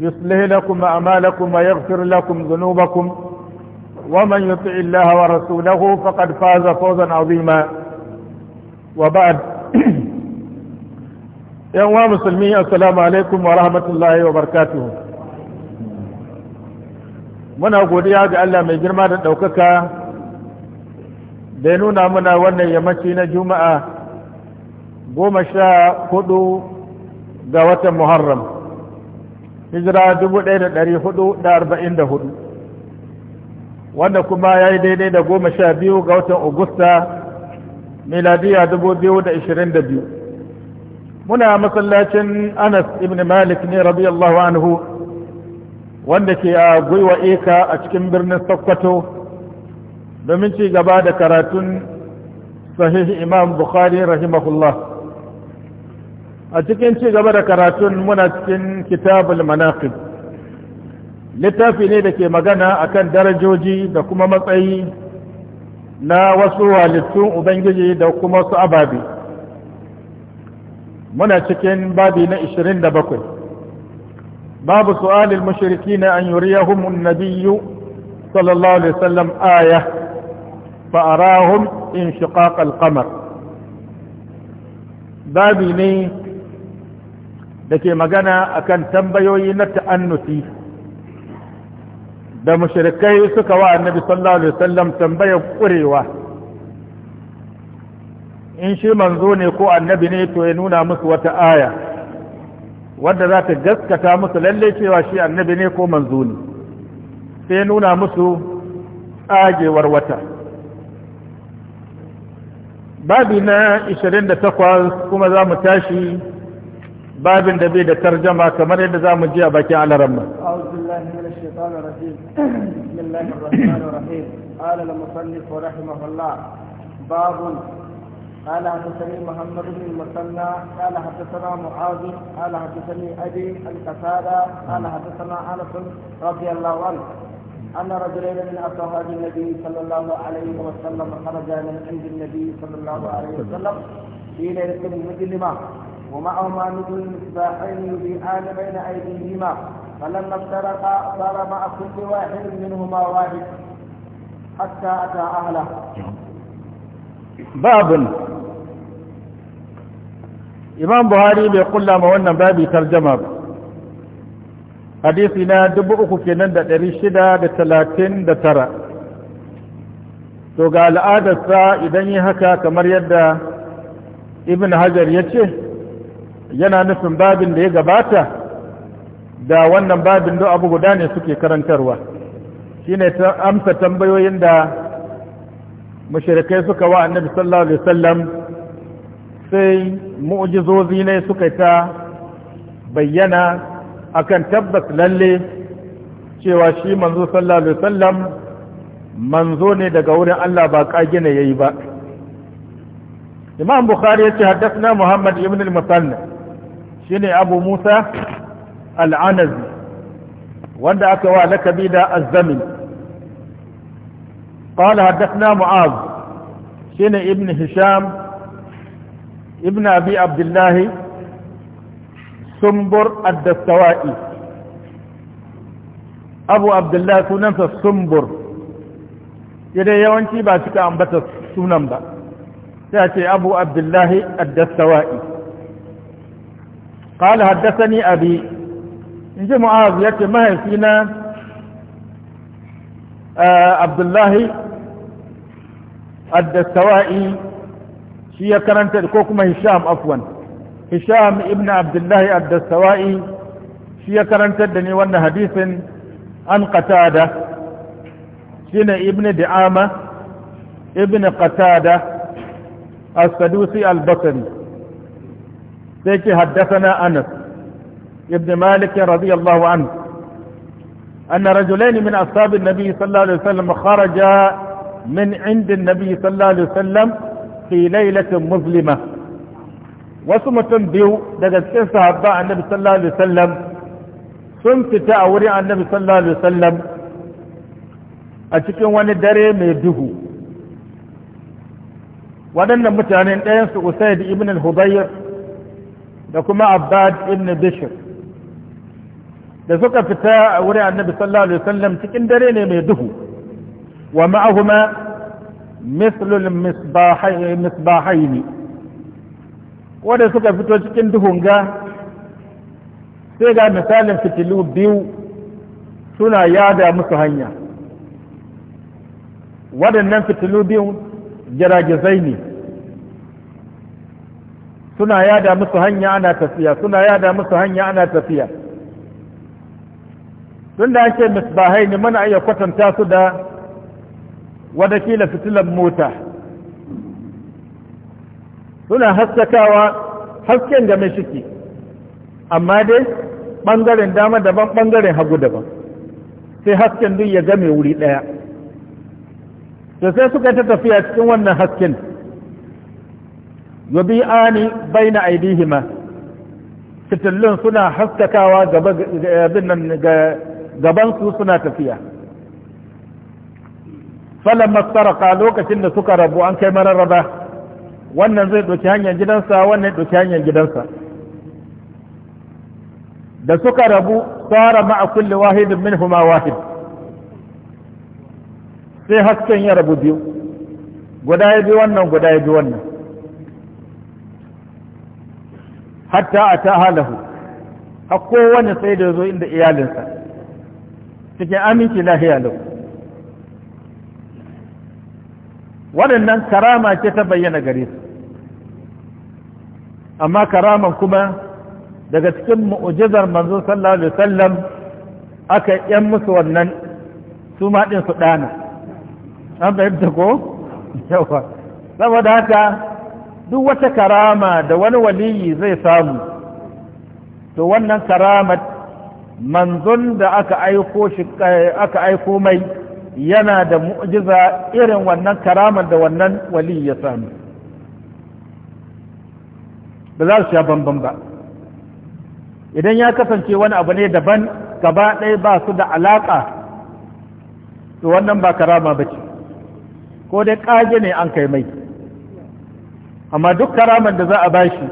يصلح لكم أعمالكم ويغفر لكم ذنوبكم ومن يطع الله ورسوله فقد فاز فوزا عظيما وبعد يا مسلمين السلام عليكم ورحمة الله وبركاته muna godiya ga Allah mai girma da ɗaukaka da ya nuna muna wannan yammaci na juma'a goma sha hudu ga watan muharram hijira 1444 wanda kuma ya yi daidai da goma sha biyu ga watan augusta miladiya 2022 muna masallacin anas ibn malik ne radiyallahu anhu wanda ke a gwiwa eka a cikin birnin sokoto domin ci gaba da karatun sahih imam bukhari rahimahullah a cikin ci gaba da karatun muna cikin kitabul manaqib littafi ne da ke magana akan darajoji da kuma matsayi na wasu halittun ubangiji da kuma su ababi muna cikin babi na 27 babu su'alil mushrikina an yuriyahum an-nabiyyu sallallahu alaihi wasallam aya fa in inshiqaq al babi ne da ke magana akan tambayoyi na ta'annuti da mushrikai suka wa annabi sallallahu alaihi wasallam tambayar kurewa in shi manzo ne ko annabi ne to ya nuna musu wata aya wadda za ta gaskata musu lalle cewa shi annabi ne ko manzo ne sai ya nuna musu tsagewar wata babi na 28 kuma za mu tashi babin da bai da tarjama kamar yadda za mu ji a bakin alaran mu. Auzullahi mai shaitanar rahim, bismillahi rahmanir an. أن ومعهما نبل مصباحين يبيعان بين أيديهما فلما افترقا صار مع كل واحد منهما واحد حتى أتى أهله باب imam buhari bai kulla ma wannan babi tarjama ba hadisi na dubu uku kenan da ɗari shida da talatin da tara to ga al'adarsa idan yi haka kamar yadda ibn hajar ya ce yana nufin babin da ya gabata da wannan babin da abu guda ne suke karantarwa shine ta amsa tambayoyin da mashirikai suka wa annabi sallallahu alaihi wasallam sai mu'jizozi ne suka ta bayyana akan tabbas lalle cewa shi manzo sallallahu alaihi wasallam manzo ne daga wurin Allah ba kage ne yayi ba Imam Bukhari yace haddathna Muhammad ibn al musannad shine abu musa al'anazi wanda aka wa lakabi da azamin ƙwala haddasa mu'az shine ibn hisham ibn abi abdullahi sumbur addastawa'i abu abdullahi sunansa sumbur idai yawanci ba suka ambata sunan ba sai ce abu abdullahi addastawa'i qala haddathani abi in ji mu'az yace mahaifina abdullahi ad-dastawa'i ko kuma hisham afwan hisham ibn abdullahi ad-dastawa'i shi ya karantar da ni wannan hadisin an qatada shine ibn di'ama ibn qatada as al-basri سيكي حدثنا أنس ابن مالك رضي الله عنه أن رجلين من أصحاب النبي صلى الله عليه وسلم خرجا من عند النبي صلى الله عليه وسلم في ليلة مظلمة وسمة تنبيو لقد كيف عن النبي صلى الله عليه وسلم ثم تتأوري عن النبي صلى الله عليه وسلم أتكون وندري ميده وأنا متعنين أنس وسيد ابن الهضير da kuma abbad ibn bishir da suka fita a wurin annabi sallallahu alaihi wasallam cikin dare ne mai duhu wa ma'ahuma mislul misbahaini wanda suka fito cikin duhun ga sai ga misalin fitilu biyu suna yada musu hanya waɗannan fitilu biyu jiragizai ne suna yada musu hanya ana tafiya suna yada musu hanya ana tafiya tun da ake misbahai ne muna iya kwatanta su da wadakila fitilan mota suna haskakawa hasken da mai shiki amma dai ɓangaren dama daban ɓangaren hagu daban sai hasken duk ya game wuri ɗaya sosai sai suka ta tafiya cikin wannan hasken bai baina aidihima fitillun suna haskakawa gaban su suna tafiya Falon mastaraka lokacin da suka rabu an kai mararraba wannan zai ɗauki hanyar gidansa wannan doki hanyar gidansa da suka rabu tsara ma'a kulli wahidin min huma wahid sai hasken ya rabu biyu guda ya bi wannan guda ya bi wannan hatta a ta halahu a kowane sai da zo inda iyalinsa cikin aminci lahiya lau waɗannan karama ce ta bayyana gare su amma karaman kuma daga cikin mu'ujizar manzo sallallahu alaihi wasallam aka yan musu wannan su ma ɗin su ɗana an fahimta ko yawa saboda haka duk wata karama da wani waliyi zai samu to wannan karamar manzon da aka aiko shi aka aiko mai yana da mu'jiza irin wannan karamar da wannan waliyi ya samu ba za su sha bambam ba idan ya kasance wani abu ne daban gaba ɗaya ba su da alaƙa to wannan ba karama ba ce ko dai ƙage ne an kai mai amma duk karaman da za a bashi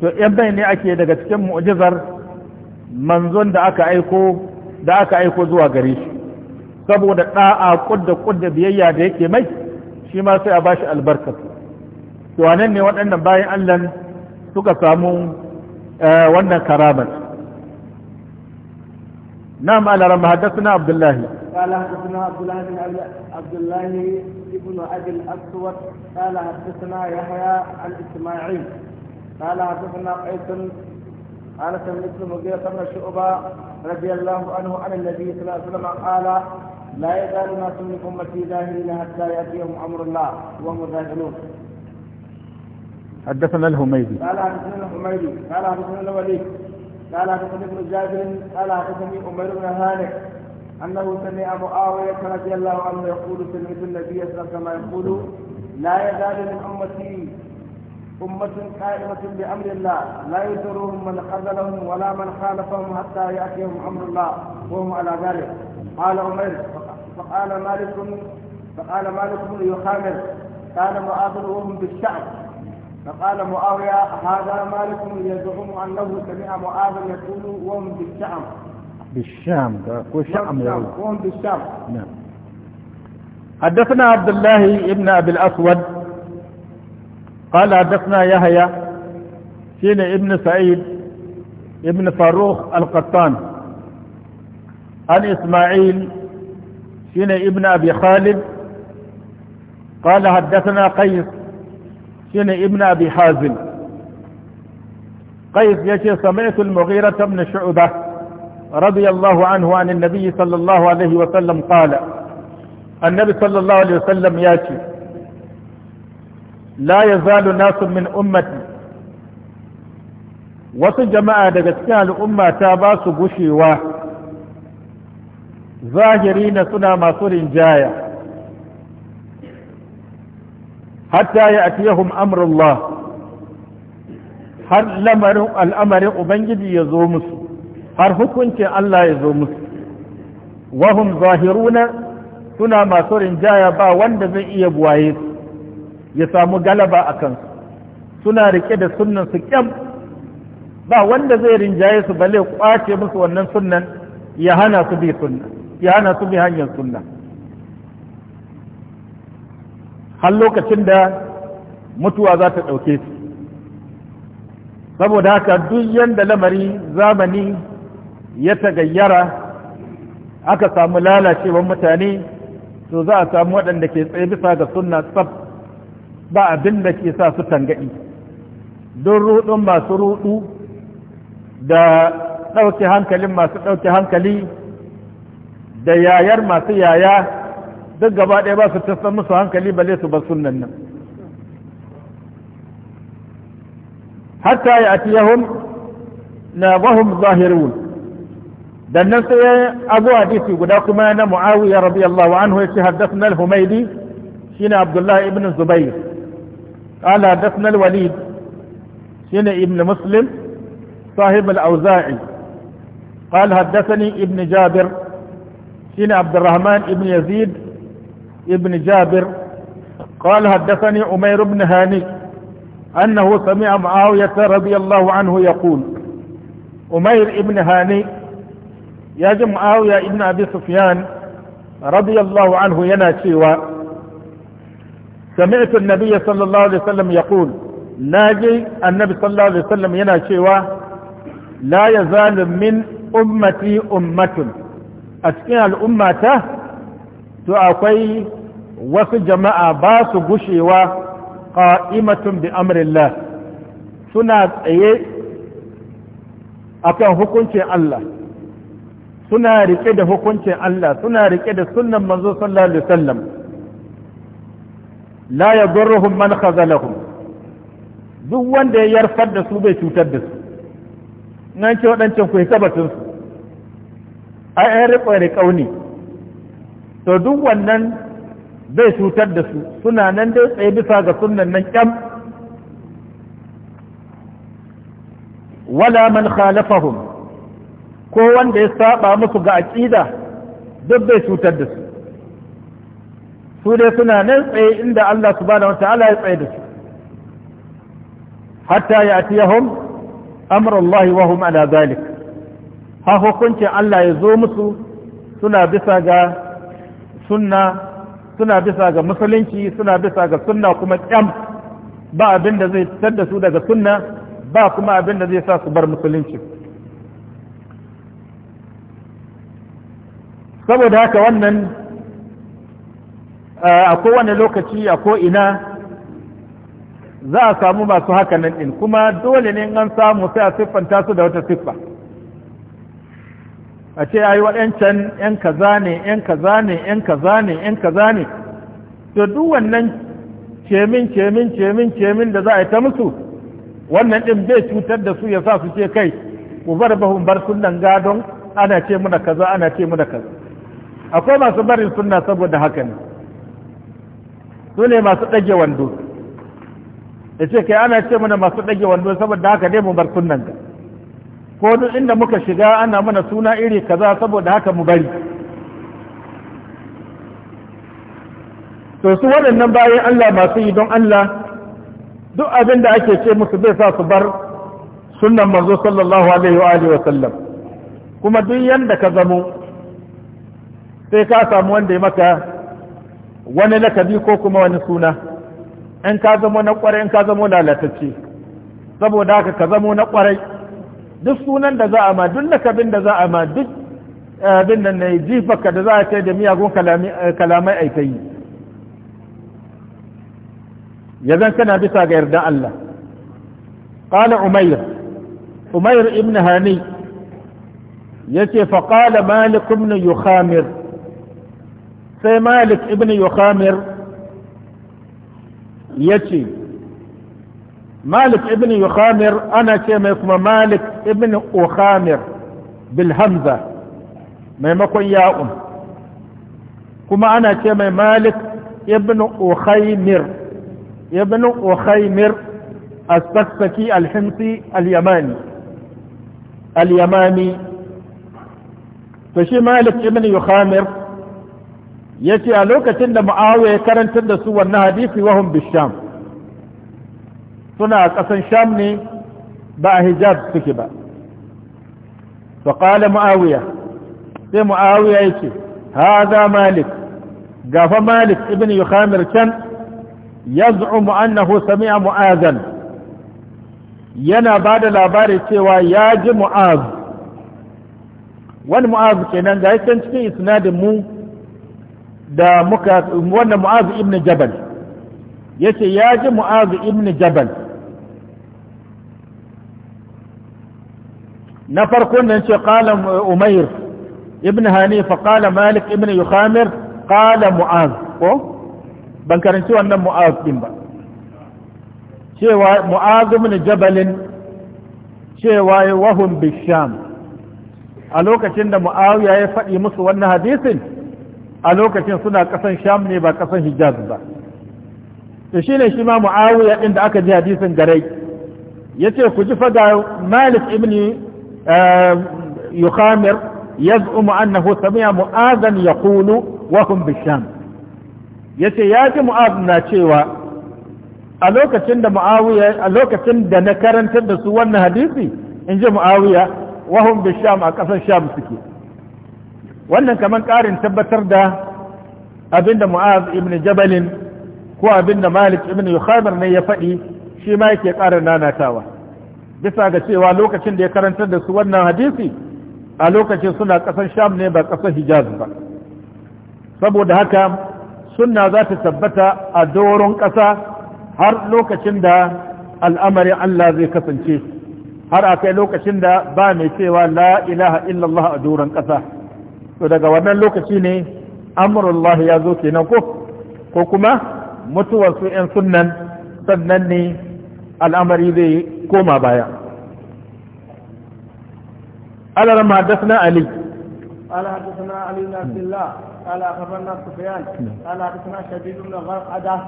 to yan bai ne ake daga cikin mu'jizar manzon da aka aiko da aka aiko zuwa gare shi saboda da'a kudda kudda biyayya da yake mai shi ma sai a bashi albarka to wannan ne waɗannan bayan Allah suka samu eh, wannan karamar نعم على رمى حدثنا عبد قال حدثنا عبد الله بن عبد الله بن ابي الاسود قال حدثنا يحيى عن اسماعيل قال حدثنا قيس قال سمعت مغيرة بن شعبة رضي الله عنه عن النبي صلى الله عليه وسلم قال لا يزال ناس من امتي ظاهرين حتى ياتيهم امر الله وهم ظاهرون. حدثنا الهميدي قال حدثنا الهميدي قال حدثنا الوليد قال حدثني ابن جابر قال حدثني امير بن هانئ أنه سمع معاوية رضي الله عنه يقول سمعت النبي صلى الله عليه وسلم يقول لا يزال من أمتي أمة قائمة بأمر الله لا يزورهم من خذلهم ولا من خالفهم حتى يأتيهم أمر الله وهم على ذلك قال عمر فقال مالك فقال مالك بن يخامر كان معاذرهم بالشعب فقال معاوية هذا مالك يزعم أنه سمع معاذ يقول وهم بالشعب بالشام بالشام يقول بالشام نعم حدثنا عبد الله ابن أبي الأسود قال حدثنا يحيى سين ابن سعيد ابن فاروق القطان عن إسماعيل سين ابن أبي خالد قال حدثنا قيس سين ابن أبي حازم قيس يجي سمعت المغيرة بن شعبة رضي الله عنه عن النبي صلى الله عليه وسلم قال النبي صلى الله عليه وسلم ياتي لا يزال ناس من أمتي wasu jama'a daga cikin al'umma ta ba su gushewa zahiri na suna masu rinjaya hatta ya atiyahum amrullah har lamarin al'amarin ubangiji ya zo musu har hukuncin Allah ya zo musu wahum zahiruna suna masu rinjaya ba wanda zai iya buwaye ya samu galaba a kansu suna rike da sunnan su kyam ba wanda zai rinjaye su bale kwace musu wannan sunnan ya hana su bi sunna ya hana su bi hanyar sunna har lokacin da mutuwa za ta ɗauke su saboda haka duk yanda lamari zamani ya tagayyara aka samu lalacewar mutane to za a samu waɗanda ke tsaye bisa ga sunna tsab ba abin da ke sa su tangaɗi don ruɗun masu ruɗu da ɗauke hankalin masu ɗauke hankali da yayar masu yaya duk gaba ɗaya ba su tasa musu hankali ba su ba sunan nan hatta ya atiyahum na bahum zahirun dan nan sai abu hadisi guda kuma na muawiya radiyallahu anhu yace haddathna al-humaydi shine abdullah ibn zubayr qala haddathna al-walid shine ibn muslim صاحب الأوزاعي قال حدثني ابن جابر شين عبد الرحمن ابن يزيد ابن جابر قال حدثني عمير بن هاني أنه سمع معاوية رضي الله عنه يقول عمير ابن هاني ya ji muawiya ibn abi sufyan radiyallahu anhu yana cewa sami'tu an-nabiy sallallahu alaihi wasallam yaqul naji annabi sallallahu alaihi wasallam yana cewa la yazalu min ummati ummatun a cikin al'ummata to akwai wasu jama'a ba su gushewa qa'imatun bi amrillah suna tsaye akan hukuncin Allah suna rike da hukuncin Allah suna rike da sunnan manzo sallallahu alaihi wasallam la yadurruhum man khazalahum duk wanda ya yarfar da su bai cutar da su nan ce wadancan ku hisabatun su ai ai riƙo da kauni to duk wannan bai cutar da su suna nan dai tsaye bisa ga sunnan nan kyam wala man khalafahum ko wanda ya saba musu ga aƙida duk bai cutar da su su dai suna nan tsaye inda Allah subhanahu wa ta'ala ya tsaye da su hatta ya atiyahum amru Allah wa hum ala zalik ha hukuncin Allah ya zo musu suna bisa ga sunna suna bisa ga musulunci suna bisa ga sunna kuma kyam ba abin da zai fitar da su daga sunna ba kuma abin da zai sa su bar musulunci saboda haka wannan eh, a kowane lokaci a ko'ina za a samu masu hakanan ɗin kuma dole ne an samu sai a siffanta su da wata siffa a ce a wa waɗancan 'yan kaza ne 'yan kaza ne 'yan kaza ne 'yan kaza ne to duk wannan cemin cemin cemin cemin da za a yi ta musu wannan ɗin bai cutar da su ya sa su ce kai ku bar bahun bar sunan gadon ana ce muna kaza ana ce muna kaza akwai masu barin suna saboda haka ne su ne masu ɗage wando ya ce kai ana ce mana masu ɗage wando saboda haka ne mu bar sunan ka ko duk inda muka shiga ana mana suna iri kaza saboda haka mu bari to su waɗannan bayan Allah masu yi don Allah duk abin da ake ce musu zai sa su bar sunan manzo sallallahu alaihi wa wa sallam kuma duk yanda ka zamo sai ka samu wanda ya maka wani lakabi ko kuma wani suna in ka zamo na kwarai in ka zamo lalatacce saboda haka ka zamo na kwarai duk sunan da za a ma duk lakabin da za a ma duk eh, abin nan ne jifaka da za a kai da miyagun eh, kalamai aikayi ya zan kana bisa ga yarda Allah qala umayr umayr ibn hani yace fa qala malik ibn yukhamir sai malik ibn yukhamir ya ce malik ibn yukhamir ana ce mai kuma malik ibn ukhamir bilhamza maimakon ya'un kuma ana ce mai malik ibn ukhaymir ibn ukhaymir السكسكي الحمصي اليماني اليماني فشي مالك ابن يخامر ce a lokacin da mu'awiya ya karantar da su wannan hadisi wahun bisham suna a ƙasan sham ne ba a hijab suke ba fa qala mu'awiya sai mu'awiya yace hadha malik gafa malik ibn yukhamir kan yaz'umu annahu sami'a mu'azan yana bada labari cewa ya ji mu'az wani mu'az kenan ga yakan cikin isnadin mu da muka wannan mu'azu ibn jabal yace ya ji mu'azu ibn jabal na farko nan ce qala umayr ibn hanifa qala malik ibn yukhamir qala mu'az ko ban karanci wannan mu'az din ba cewa mu'az ibn jabal cewa wahum bisham a lokacin da mu'awiya ya faɗi musu wannan hadisin a lokacin suna kasan sham ne ba kasan hijaz ba to shine shi ma muawiya inda da aka ji hadisin garai yace ku ji faga malik ibn eh, yukhamir yaz'umu annahu sami'a mu'adhan yaqulu wa hum bisham yace ya ji na cewa a lokacin da muawiya a lokacin da na karantar da su wannan hadisi in ji muawiya wa bisham a kasan sham suke wannan kamar ƙarin tabbatar da abinda mu'az ibn jabalin ko abinda malik ibn yukhamir ne ya faɗi shi ma yake ƙarin nanatawa bisa ga cewa lokacin da ya karantar da su wannan hadisi a lokacin suna ƙasar sham ne ba ƙasar hijaz ba saboda haka sunna za ta tabbata a doron ƙasa har lokacin da al'amarin Allah zai kasance har a kai lokacin da ba mai cewa la ilaha illallah a doron ƙasa to daga wannan lokaci ne amrullah ya zo kenan ko ko kuma mutuwar su yan sunnan sannan ne al'amari zai koma baya ala rama ali قال حدثنا علي بن عبد الله قال اخبرنا سفيان قال حدثنا شديد بن غرقده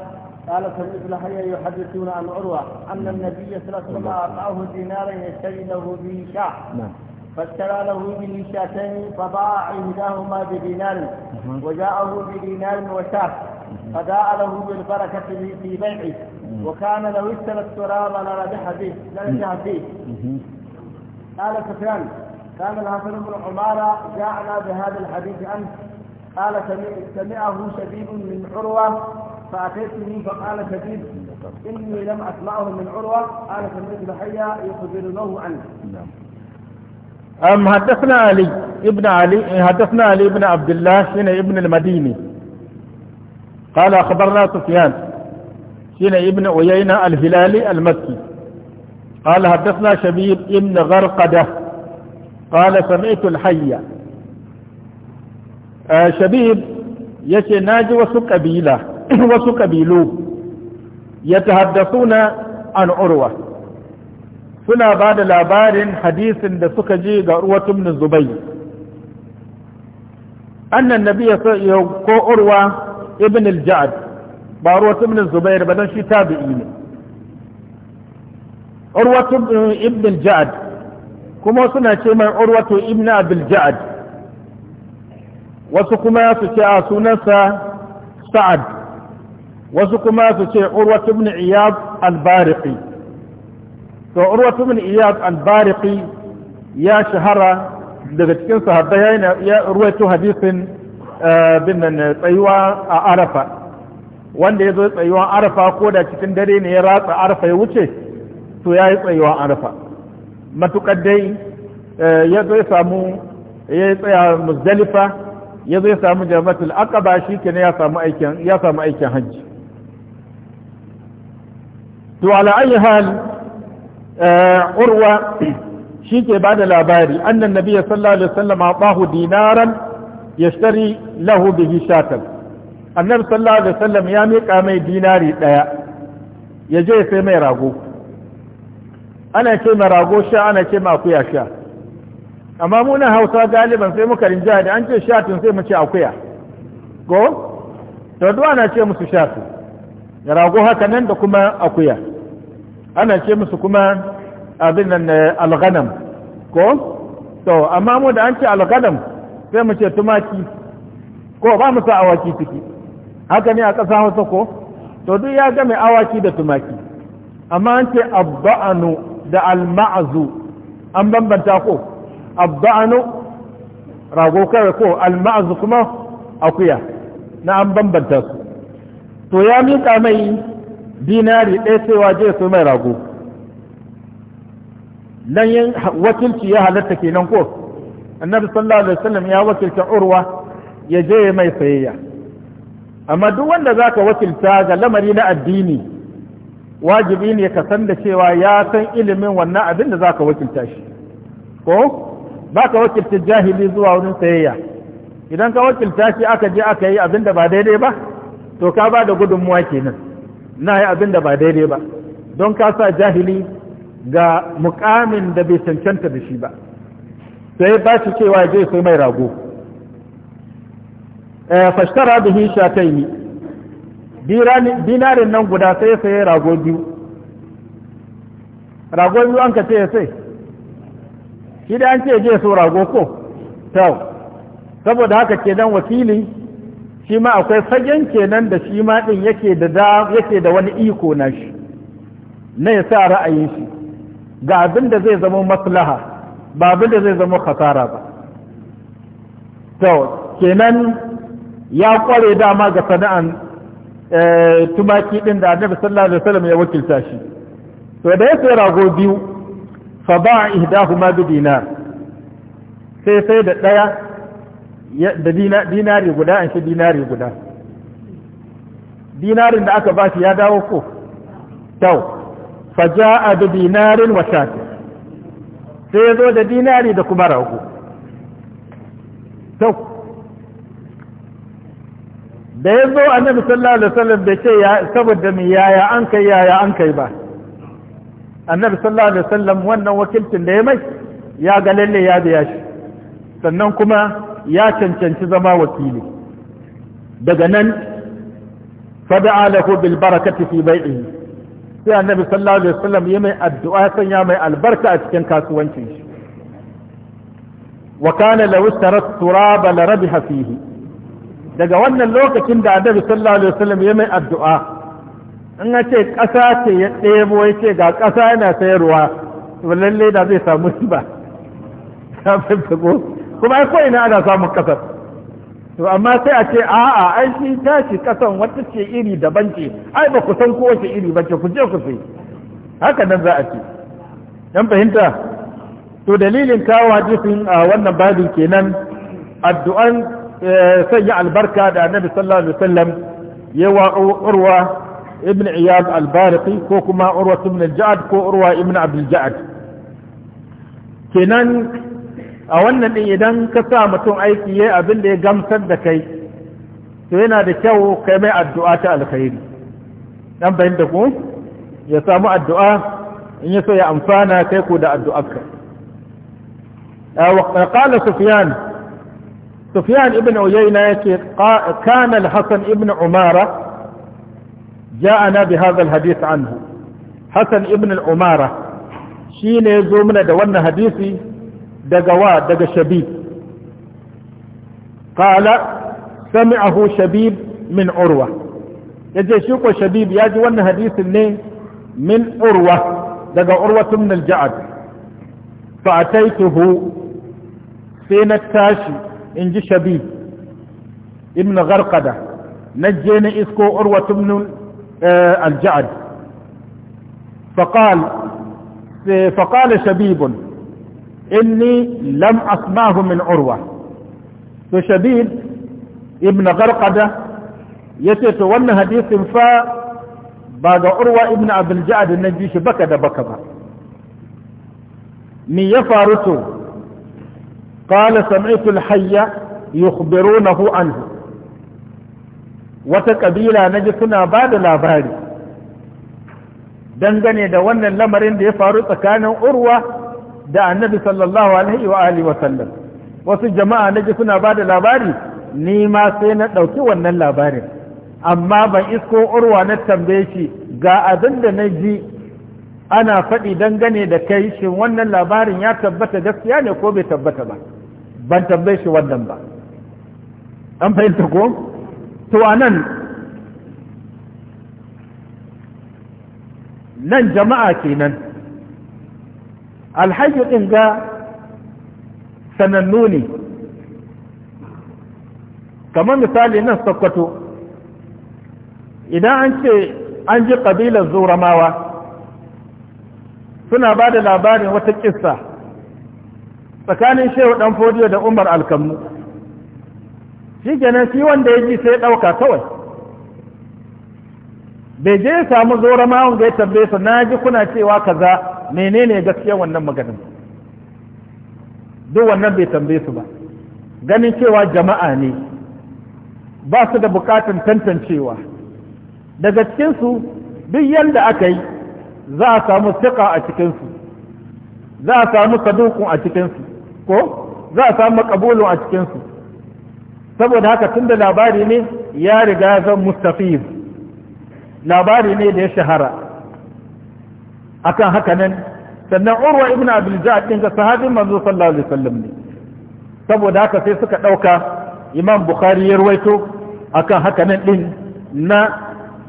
قال سمعت الحي يحدثون عن عروه ان النبي صلى الله عليه وسلم اعطاه دينارا يشتري له به شعر فاشترى له به شاتين فباع عندهما بدينار وجاءه بدينار وشاة فداء له بالبركة في بيعه وكان لو اشترى التراب لربح به لربح فيه قال سفيان كان الحسن بن عمارة جاءنا بهذا الحديث عنه قال سمعه شبيب من عروة فأتيته فقال شبيب إني لم أسمعه من عروة قال سمعت بحية يخبرناه عنه نعم. أم حدثنا علي ابن علي حدثنا علي بن عبد الله شين ابن المديني قال أخبرنا سفيان شين ابن عيينة الهلالي المكي قال حدثنا شبيب ابن غرقدة قال سمعت الحية آه شبيب يشي ناجي وسو قبيلة وسو قبيلو يتحدثون عن عروة suna ba da labarin hadisin da suka ji ga urwatun min zubai annan nabiya ko urwa ibn al-ja'ad ba urwatun min zubair ba dan shi tabi'i ne urwatun ibn al-ja'ad kuma suna ce mai urwatu ibn abul ja'ad wasu kuma su ce a sunansa sa'ad wasu kuma su ce urwatu ibn iyad al-bariqi to urwatu min iyad al-bariqi ya shahara daga cikin sahabbai ya ruwaito hadisin eh, bin nan tsayuwa a arafa wanda ya zo tsayuwan arafa ko da cikin dare ne ya ratsa arafa ya wuce to ya yi tsayuwan arafa matukar dai eh, ya zo ya samu ya tsaya muzdalifa ya zo ya samu jamatul aqaba shi kenan ya samu aikin ya samu aikin hajji to ala ayi hal urwa shi ke ba da labari annan nabiya sallallahu alaihi wasallam bahu dinaran ya shari lahu bihi shatan nan sallallahu alaihi wasallam ya miƙa mai dinari ɗaya ya je sai mai rago ana ce mai rago sha ana ce mai akuya sha amma muna hausa galiban sai muka rinja da an ce shatin sai mu ce akuya go to duwa na ce musu shatu rago haka nan da kuma akuya ana ce musu kuma abin nan eh, alganam ko to amma mu da an ce alganam sai mu ce tumaki ko ba mu sa awaki ciki haka ne a ƙasa hausa ko to duk ya mai awaki da tumaki amma an ce abba'anu da alma'azu an bambanta ko abba'anu rago kawai ko alma'azu kuma akuya na an bambanta su to ya miƙa mai dinari ɗaya cewa waje su mai rago nan yin wakilci ya halatta kenan ko annabi sallallahu alaihi wasallam ya wakilta urwa ya je mai sayayya amma duk wanda zaka wakilta ga lamari na addini wajibi ne ka san da cewa ya san ilimin wannan abin da zaka wakilta shi ko baka wakilta jahili zuwa wurin sayayya idan ka wakilta shi aka je aka yi abin da ba daidai ba to ka ba da gudunmuwa kenan na yi abin da ba daidai ba don ka sa jahili ga mukamin da bai cancanta da shi ba sai ba shi cewa je sai mai rago eh, fashtara da hisha ta yi dinarin nan guda sai sai rago biyu rago biyu an ka ce sai shi da an ce je so rago ko tau saboda haka ke dan wakili shi ma akwai fagen kenan da shi ma ɗin yake da yake da wani iko na shi na ya sa ra'ayin shi ga abin da zai zama maslaha ba abin da zai zama khasara ba to kenan ya kware dama ga sana'an eh, tumaki ɗin da annabi sallallahu alaihi wasallam ya wakilta shi to da ya sai rago biyu fa ba ihdahuma bi dinar sai sai da ɗaya da dinari guda an shi dinari guda dinarin da aka bashi ya dawo ko tau faja'a da dinarin wa shati sai ya zo da dinari da kuma rago tau da ya zo annabi sallallahu alaihi wasallam bai ce ya saboda mai yaya an kai yaya an kai ba annabi sallallahu alaihi wasallam wannan wakilcin da ya mai ya ga lalle ya biya shi sannan kuma ya cancanci zama wakili daga nan fada'a lahu bil barakati fi bai'i sai annabi sallallahu alaihi wasallam ya mai addu'a sanya mai albarka a cikin kasuwancin shi wa kana law istara turaba la rabiha fihi daga wannan lokacin da annabi sallallahu alaihi wasallam ya mai addu'a in ya ce ƙasa ce ya ɗebo ya ce ga ƙasa yana sayarwa to lalle da zai samu riba ta kuma ai ko ina ana samun kasar to amma sai a ce a ai shi tashi kasan wata ce iri daban ce ai ba ku san ko wace iri ba ce ku je ku sai haka nan za a ce dan fahimta to dalilin kawo hadisin a wannan babin kenan addu'an eh, sanya albarka da annabi sallallahu alaihi wasallam yawa urwa ibn iyad al-bariqi ko kuma urwa ibn al jaad ko urwa ibn abd al kenan a wannan din idan ka sa mutum aiki yayi abin da ya gamsar da kai to yana da kyau kai mai addu'a ta alkhairi dan bayin da ku ya samu addu'a in ya ya amfana kai ku da addu'arka wa qala sufyan sufyan ibn uyayna yace kana al-hasan ibn umara جاءنا بهذا الحديث عنه حسن ابن الأمارة mana da wannan hadisi. وا دق شبيب قال سمعه شبيب من عروة يجي شوكو شبيب يجي وانا هديث النين من عروة دق عروة من الجعد فأتيته سين التاشي انجي شبيب ابن غرقدة نجيني اسكو عروة من آه، الجعد فقال فقال شبيب إني لم أسمعه من عروة فشبيب ابن غرقدة يتتوانى حديث فا بعد عروة ابن عبد الجعد النجيش بكدا بكدا مي فارسو قال سمعت الحي يخبرونه عنه وتكبيلا نجسنا بعد الاباري دنجني دوانا لمرين دي فارسة كانوا عروة da annabi sallallahu alaihi wa alihi wa sallam wasu jama'a naji suna ba da labari ni ma sai na ɗauki wannan labarin amma ban isko urwa na tambaye shi ga abin da na ji ana faɗi dangane da kai shin wannan labarin ya tabbata gaskiya ne ko bai tabbata ba ban tambaye shi wannan ba an fahimta ko to anan nan jama'a kenan alhaji ɗin ga sanannu ne kamar misali nan sokoto idan an ce an ji ƙabilar zuramawa suna ba da labarin wata ƙissa tsakanin shehu ɗan fodiyo da umar alkammu shi kenan shi wanda ya ji sai ɗauka kawai bai je samu zora ga ya tambaye su na ji kuna cewa kaza menene gaskiya wannan maganin duk wannan bai tambaye su ba ganin cewa jama'a ne ba su da buƙatar tantancewa daga cikinsu duk yadda aka yi za a samu siƙa a cikinsu za a samu sadukun a cikinsu ko za a samu makabulun a cikinsu saboda haka tun da labari ne ya riga zan mustafiz labari ne da ya shahara akan haka nan sannan urwa ibn abdul ja'ad din ga sahabin manzo sallallahu alaihi wasallam ne saboda haka sai suka dauka imam bukhari ya ruwaito akan haka nan din na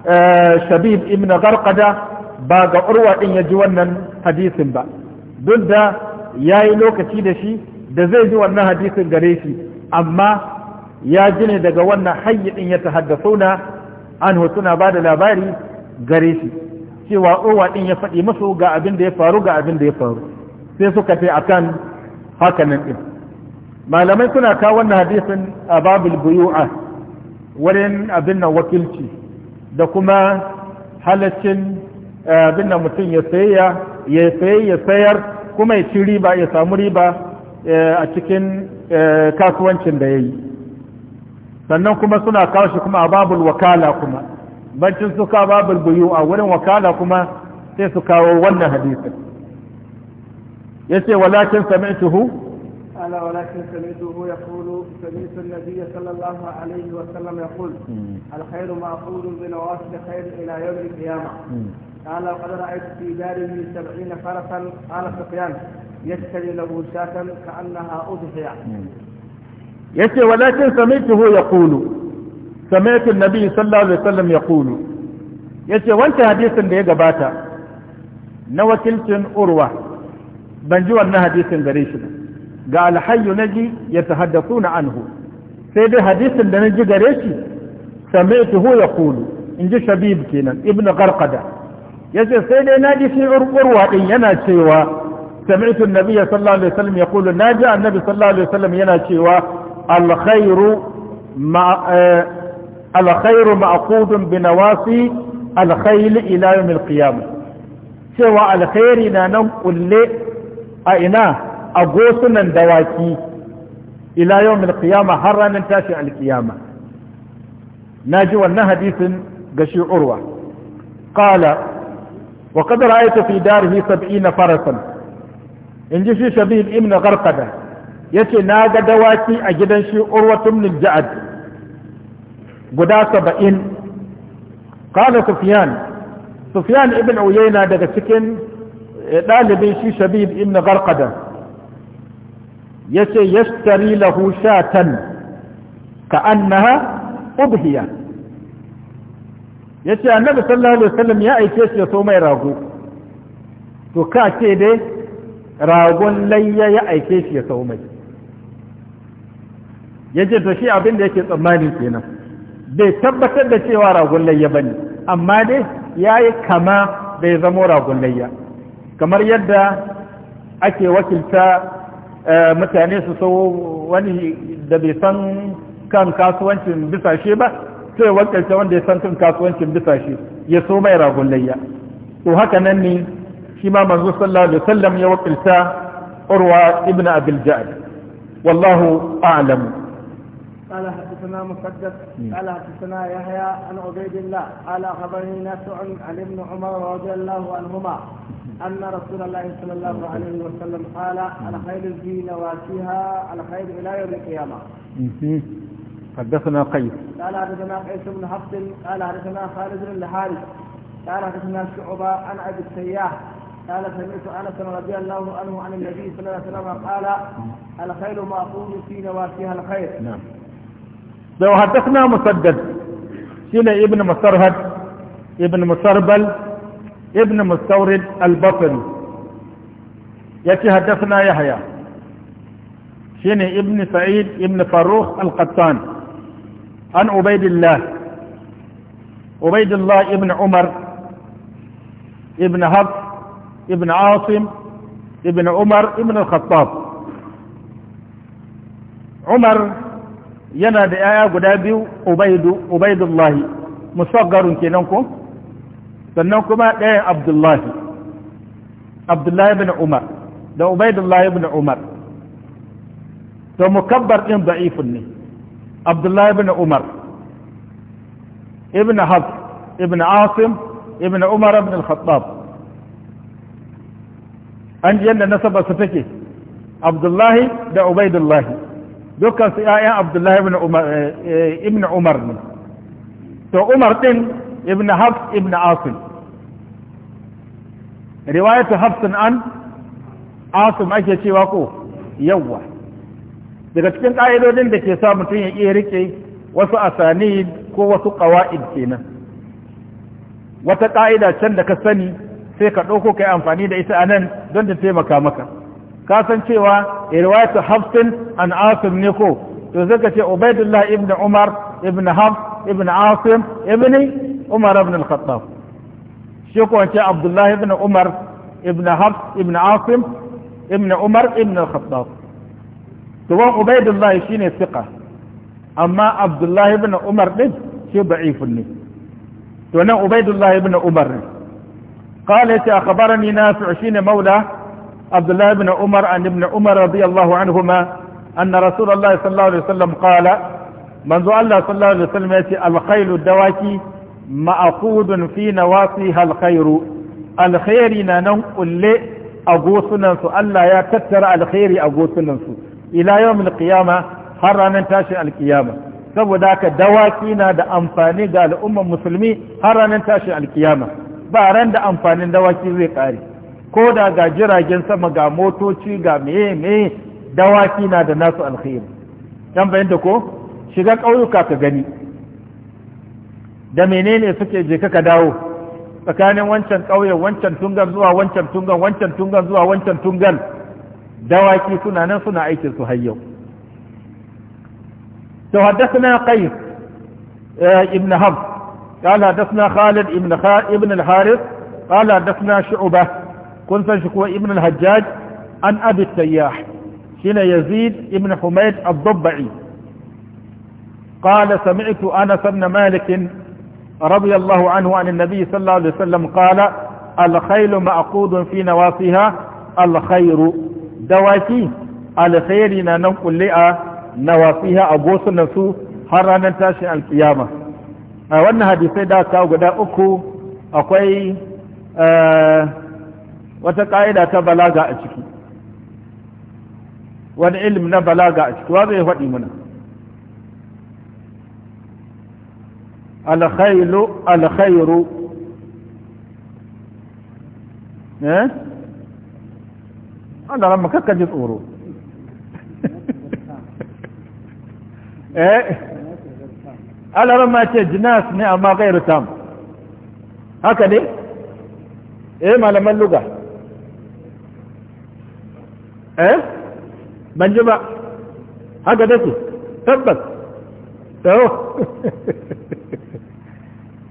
eh, shabib ibn garqada ba ga urwa din ya ji wannan hadisin ba duk da yayi lokaci da shi da zai ji wannan hadisin gare shi amma ya ji ne daga wannan hayyi din ya tahaddathuna anhu suna ba da labari gare shi cewa owa ɗin ya faɗi masu ga abin da ya faru ga abin da ya faru sai suka ce a kan hakanan ɗin malamai suna kawo wannan hadisin a babul buyu'a wurin abin nan wakilci da kuma halaccin eh, abin nan mutum ya sayayya ya sayi ya sayar kuma ya ci riba ya samu riba eh, a cikin eh, kasuwancin da ya yi sannan kuma suna kawo shi kuma a babul wakala kuma bancin su ka babul buyu a wurin wakala kuma sai su kawo wannan hadisin yace walakin sami'tuhu ala walakin sami'tuhu yaqulu sami'tu an-nabiy sallallahu alaihi wa sallam yaqul al-khayru ma'qulun bi nawasil khair ila yawm al-qiyamah قال وقد رأيت في داره سبعين فرسا على سفيان يشتري له شاة كأنها أضحية يشتري ولكن سمعته يقول سمعت النبي صلى الله عليه وسلم يقول yace wancan hadisin da ya gabata na wakilcin urwa ban ji wannan hadisin gare shi ba ga alhayyu ji ya tahaddathuna anhu sai dai hadisin da na ji gare shi ya yaqulu in ji shabib kenan ibnu qarqada yace sai dai na ji shi urwa din yana cewa sami'tu an-nabiyya sallallahu alaihi wasallam na ji annabi sallallahu alaihi wasallam yana cewa alkhairu ma alkhairu ma'qudun bi nawasi alkhayl ila yawm alqiyamah cewa alkhairi na nan kulle a ina a gosunan dawaki ila yawm alqiyamah har ranar tashi alqiyama naji wannan hadisin ga shi urwa qala wa qad ra'aytu fi darihi 70 farasan inji shi shabib ibn gharqada yace na ga dawaki a gidan shi urwa min ja'ad guda saba'in kala sufyan sufyan ibn uyayna daga cikin ɗalibin shi shabib ibn garqada ya ce yashtari lahu shatan ka annaha ubhiya ya ce annabi sallallahu alaihi wasallam ya aike shi ya so mai rago to ka ce dai ragon layya ya aike shi ya so mai ya ce to shi abin da yake tsammani kenan bai tabbatar da cewa ragon ba ne, amma dai yayi kama bai zamo ragon kamar yadda ake wakilta eh, mutane su sau wani da bai san kan kasuwancin bisashe ba sai wakilta wanda ya san kan kasuwancin bisashe ya so mai ragon to haka nan ne shi ma manzo sallallahu alaihi wasallam ya wakilta urwa ibn abil ja'd wallahu a'lamu قال حدثنا مسدد قال حدثنا يحيى عن عبيد الله قال خبرني نافع عن ابن عمر رضي الله عنهما أن رسول الله صلى الله عليه وسلم قال على خير في نواسيها خير إلى يوم القيامة. حدثنا قيس قال حدثنا قيس بن حفص قال حدثنا خالد بن الحارث قال حدثنا شعبة عن أبي السياح قال سمعت انس رضي الله عنه عن النبي صلى الله عليه وسلم قال الخير ما في نواسيها الخير نعم لو حدثنا مسدد سنة ابن مسرهد ابن مسربل ابن مستورد البطن يأتي حدثنا يحيى سنة ابن سعيد ابن فاروخ القطان عن عبيد الله عبيد الله ابن عمر ابن هف ابن عاصم ابن عمر ابن الخطاب عمر yana da yaya guda biyu ubaidu ubaidullahi musaggarun kenan ko sannan kuma ɗayan abdullahi abdullahi ibn umar da ubaidullahi ibn umar to mukabbar din da'ifun ne abdullahi ibn umar ibn hafs ibn asim ibn umar ibn al-khattab an ji yadda nasaba su take abdullahi da ubaidullahi dukkan su yayan abdullahi ibn umar eh, ibn umar ne to umar din ibn hafs ibn asim riwayatu hafsin an asim ake cewa ko yawwa daga cikin ƙa'idodin da ke sa mutum ya iya rike wasu asani ko wasu ƙawa'id kenan wata ƙa'ida can da ka sani sai ka ɗauko ka yi amfani da ita a nan don ta taimaka maka ka san cewa riwayatu hafsin an asim ne ko to zaka ce ubaidullah ibn umar ibn hafs ibn asim ibn umar ibn al-khattab shi ko ce abdullah ibn umar ibn hafs ibn asim ibn umar ibn al-khattab to wan ubaidullah shine siqa, amma abdullah ibn umar din shi da'ifun ne to nan ubaidullah ibn umar ne قال يتي أخبرني نافع شين مولاه عبد الله بن عمر عن ابن عمر رضي الله عنهما أن رسول الله صلى الله عليه وسلم قال من ذو الله صلى الله عليه وسلم يأتي الخيل الدواكي مأقود في نواصيها الخير الخير ننم قل أقوصنا سؤال يا كتر الخير أقوصنا إلى يوم القيامة حرانا تاشي القيامة saboda haka dawaki na da amfani ga al'umman musulmi har ranar tashin alkiyama ba ran da amfanin dawaki zai kare ko da ga jiragen sama ga motoci ga meye meye dawaki na da nasu alkhairi dan bayan da ko shiga ƙauyuka ka gani da menene suke je ka dawo tsakanin wancan ƙauyen wancan tungan zuwa wancan tungan wancan tungan zuwa wancan tungan dawaki suna nan suna aikin su har yau to haddathana qais eh, ibn hamd قال حدثنا خالد ابن خالد ابن الحارث قال حدثنا شعبه كنت san ابن الهجاج عن ابي السياح an يزيد ابن حميد الضبعي قال سمعت أنس بن مالك رضي الله عنه عن النبي صلى الله عليه وسلم قال الخيل معقود في نواصيها الخير دواكي الخير ننقل لئا نواصيها أبوس النسو حرانا تاشي القيامة آه، وانها دي سيدا كاو قدا أكو أكوي أه wata ƙa'ida ta balaga a ciki wani ilim na balaga a ciki wa zai faɗi muna alkhairu alkhairu eh Allah ramma kakka ji tsoro eh Allah ma ce jinas ne amma gairu tam haka ne eh malaman lugha eh ban ji ba haka su tabbas tsawo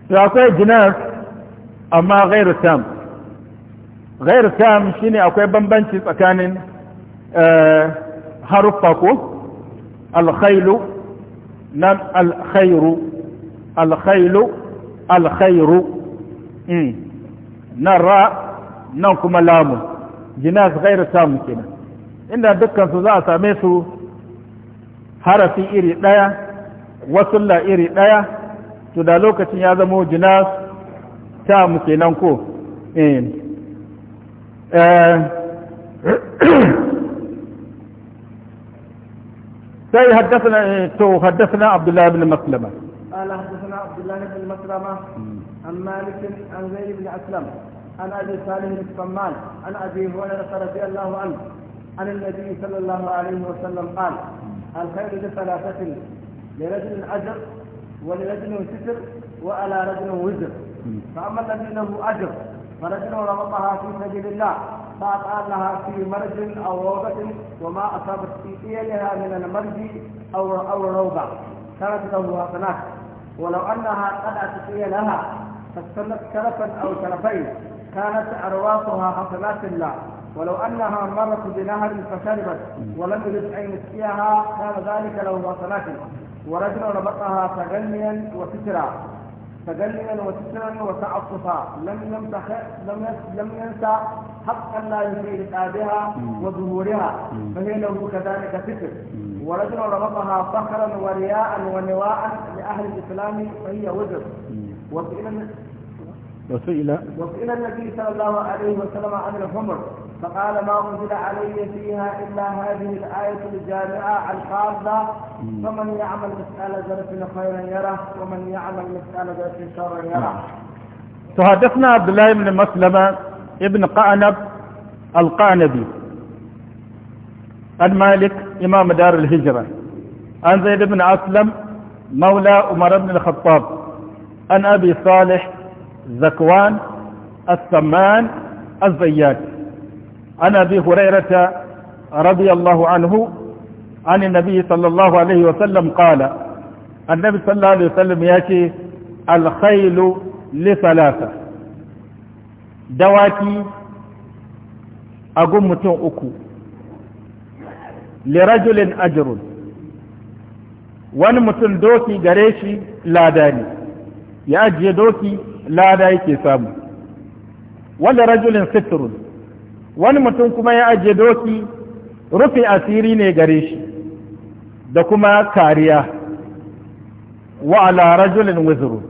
da akwai jinar amma gairu tam gairu tam shine akwai bambanci tsakanin eh, haruffa ko alkhailu nan alkhairu alkhailu alkhairu hmm. nan ra nan kuma lamun jinas gairu tam kenan inda dukkansu za a same su harafi iri daya wasulla iri daya to da lokacin ya zama jinas ta muke nan ko sai haddasa to haddasa na abdullahi bin maslama قال حدثنا عبد الله بن مسلمة عن مالك عن زيد بن أسلم عن أبي صالح السمان عن أبي هريرة رضي الله عنه عن النبي صلى الله عليه وسلم قال الخير لثلاثة لرجل أجر ولرجل ستر وعلى رجل وزر فأما الذي له أجر فرجل ربطها في سبيل الله فأطعن لها في مرج أو روضة وما أصابت في إيلها من المرج أو أو روضة كانت له حسنات ولو أنها قلعت إيلها فاستمت شرفا أو شرفين كانت أرواحها حسنات الله ولو أنها مرت بنهر فشربت ولم يجد أن يسقيها كان ذلك له حسنات ورجل ربطها تغنيا وسترا تغنيا وسترا وتعطفا لم يمسح لم لم ينسى حقا لا يجري لقابها وظهورها فهي له كذلك ستر ورجل ربطها فخرا ورياء ونواء لأهل الإسلام فهي وزر وسئل وسئل النبي صلى الله عليه وسلم عن الحمر فقال ما أنزل علي فيها إلا هذه الآية الجامعة الخاصة فمن يعمل مثقال ذرة خيرا يره ومن يعمل مثقال ذرة شرا يره تحدثنا عبد الله بن مسلمة ابن قعنب القعنبي عن مالك إمام دار الهجرة عن زيد بن أسلم مولى عمر بن الخطاب عن أبي صالح زكوان السمان الزيات عن أبي هريرة رضي الله عنه عن النبي صلى الله عليه وسلم قال النبي صلى الله عليه وسلم يأتي الخيل لثلاثة دواكي أقوم أكو لرجل أجر wani mutum doki gare shi lada ne ya ajiye doki lada yake samu wanda rajulin sitrun wani mutum kuma ya ajiye doki rufe asiri ne gare shi da kuma kariya wa ala rajulin wuzuru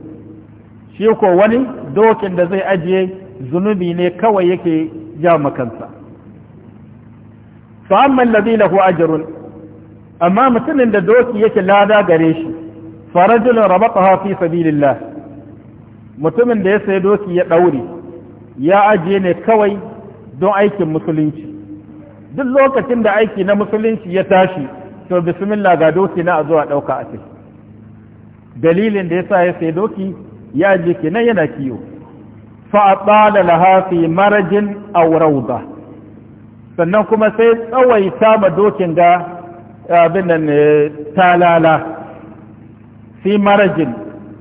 shi ko wani dokin da zai ajiye zunubi ne kawai yake ja makansa fa amma alladhi lahu ajrun amma mutumin da doki yake lada gare shi fa rajulun rabataha fi sabilillah mutumin da ya sayi doki ya ɗauri, ya ajiye ne kawai don aikin musulunci duk lokacin da aiki na musulunci ya tashi to bismillah ga doki na a zuwa ɗauka a ciki dalilin da ya sa ya sai doki ya je kenan yana kiyo fa'aɗa laha fi marajin aurauda sannan kuma sai tsawaita ma dokin ga abin nan eh, talala fi marajin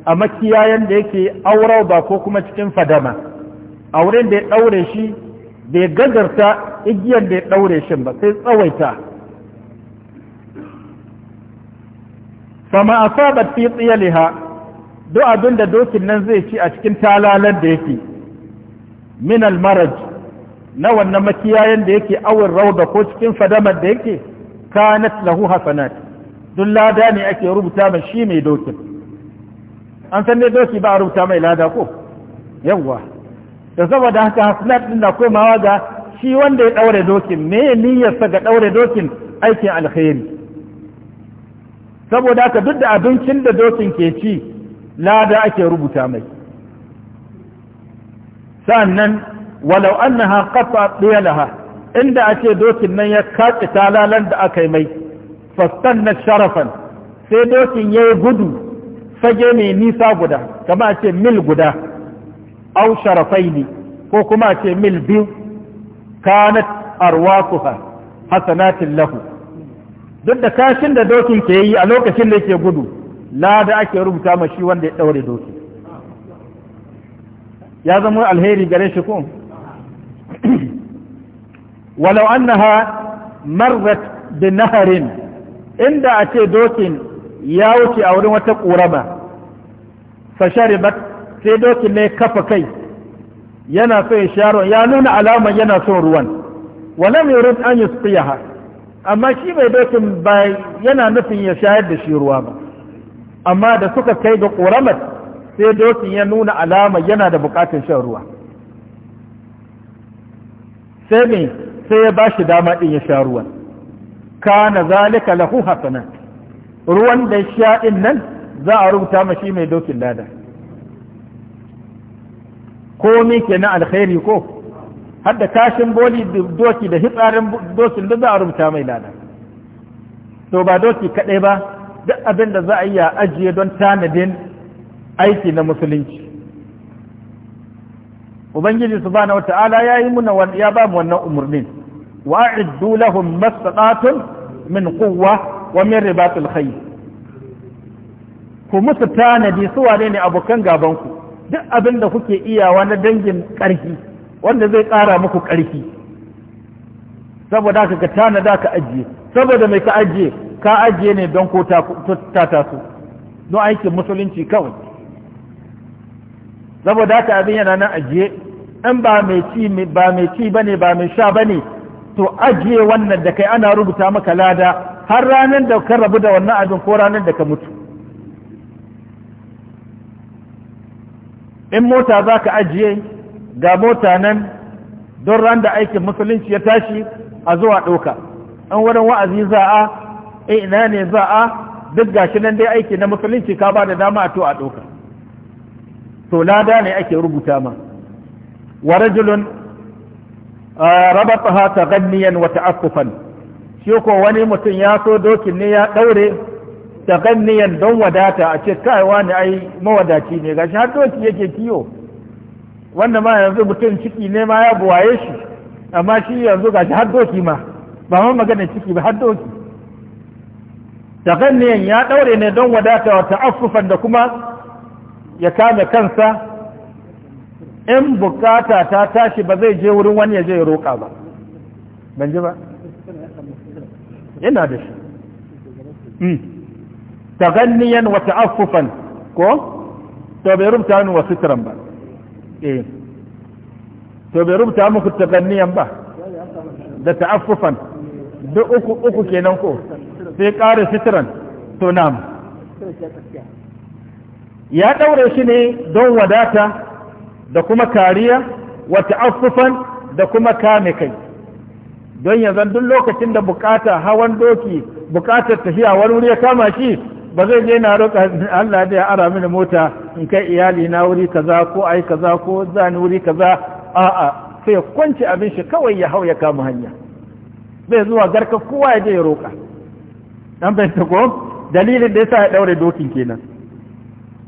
a makiyayen da yake aurauda ko kuma cikin fadama a da ya ɗaure shi bai gadarta igiyar da ya ɗaure shi ba sai tsawaita fama sabar fi tsiyaliha duk abin da dokin nan zai ci a cikin talalar da yake min almaraj na wannan makiyayen da yake awin rauda ko cikin fadamar da yake kanat lahu hasanat duk lada ne ake rubuta mai shi mai dokin an san ne doki ba a rubuta mai lada ko yawwa da saboda haka hasnat din na komawa ga shi wanda ya daure dokin me niyyarsa ga daure dokin aikin alkhairi saboda haka duk da abincin da dokin ke ci lada ake rubuta mai sannan walau annaha qata diyalaha inda ake dokin nan ya kaci talalan da aka yi mai fastanna sharafan sai dokin yayi gudu fage mai nisa guda kama a ce mil guda aw sharafaini ko kuma ce mil biyu kanat arwaquha hasanatin lahu duk da kashin da dokin ke yi a lokacin da yake gudu lada ake rubuta ma shi wanda ya daure doki ya zama alheri gare shi ko walau annaha marrat bi naharin inda a ce dokin ya wuce a wurin wata ƙurama fasharibat sai dokin ne kafa kai yana so ya sharo ya nuna alamar yana son ruwan walam yurid an yusqiha amma shi bai dokin ba yana nufin ya shayar da shi ruwa ba amma da suka kai ga ƙoramar sai dokin ya nuna alama yana da buƙatar shan ruwa sai me sai ya bashi dama din ya sha ruwan kana zalika lahu hasanat ruwan da sha nan za a rubuta mashi mai dokin lada komi ke na alkhairi ko har da kashin boli doki da hitsarin dokin duk za a rubuta mai lada to ba doki kaɗai ba duk abin da za a iya ajiye don tanadin aiki na musulunci ubangiji subhanahu wata'ala ya yi muna ya ba mu wannan umarnin wa'iddu lahum mastata'atun min quwwa wa min ribatil khayr ku musu tanadi su wane ne abokan gaban ku duk abin da kuke iyawa na dangin ƙarfi wanda zai ƙara muku ƙarfi saboda haka ka tanada ka ajiye saboda mai ka ajiye ka ajiye ne don ko ta taso don aikin musulunci kawai saboda haka abin yana nan ajiye in ba mai ci ba mai ci bane ba mai sha bane to ajiye wannan da kai ana rubuta maka lada har ranar da ka rabu da wannan abin ko ranar da ka mutu in mota za ka ajiye ga mota nan don ran da aikin musulunci ya tashi a zuwa ɗauka an wurin wa'azi za a eh, ina ne za a duk gashi nan dai aiki na musulunci ka ba da dama a to a ɗauka to lada ne ake rubuta ma wa rajulun ta ganniyan wata afkufan shi ko wani mutum ya so dokin ne ya ɗaure taganniyan don wadata a ce kaiwa ne ai mawadaci ne gashi har doki yake kiyo wanda ma yanzu mutum ciki ne ma ya buwaye shi amma shi yanzu gashi har doki ma ba ma magana ciki ba har doki taganniyan ya daure ne don wadata wa ta'affufan da kuma ya kame kansa in bukata ta tashi ba zai je wurin wani ya je ya roƙa ba ban ji ba ina da shi hmm. taganniyan wa afufan ko to bai rubuta min wa sitran ba eh to bai rubuta muku taganniyan ba da ta'affufan duk uku uku kenan ko sai ƙara sitran to na'am ya ɗaure shi ne don wadata da kuma kariya wa afufan da kuma kame kai don yanzu duk lokacin da bukata hawan doki bukatar tafiya wani wuri ya kama shi ba zai je na roƙa Allah da ya ara mini mota in kai iyali na wuri kaza ko ai kaza ko zani wuri kaza a'a sai kwanci abin shi kawai ya hau ya kama hanya zai zuwa garka kowa ya je ya roƙa dan bai ta ko dalilin da yasa ya daure dokin kenan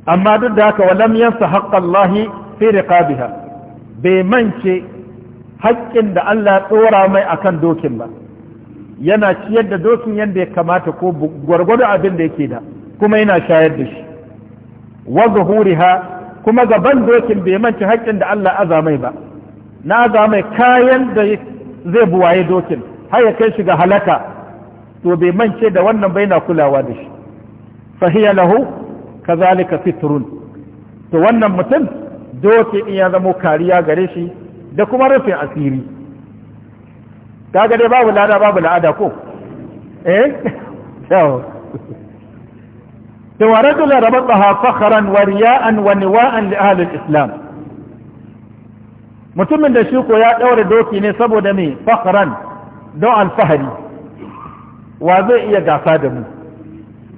amma duk da haka walam yansa haqqallahi fi riqabiha bai mance haƙƙin da Allah ya tsora mai akan dokin ba yana ciyar da dokin yadda ya kamata ko gwargwado abin da yake da kuma yana shayar da shi wa zuhuriha kuma gaban dokin bai manci haƙƙin da Allah azamai ba na azamai kayan da zai buwaye dokin har ya kai shi ga halaka to bai mance da wannan bai na kulawa da shi fahiya lahu kazalika fitrun to wannan mutum dokin ya zamo kariya gare shi da kuma rufin asiri kaga dai babu lada babu la'ada ko eh yau Da ورجل ربطها فخرا ورياء ونواء لأهل islam mutumin da shi ko ya ɗaure doki ne saboda me fakhran don alfahari wa zai iya gasa da mu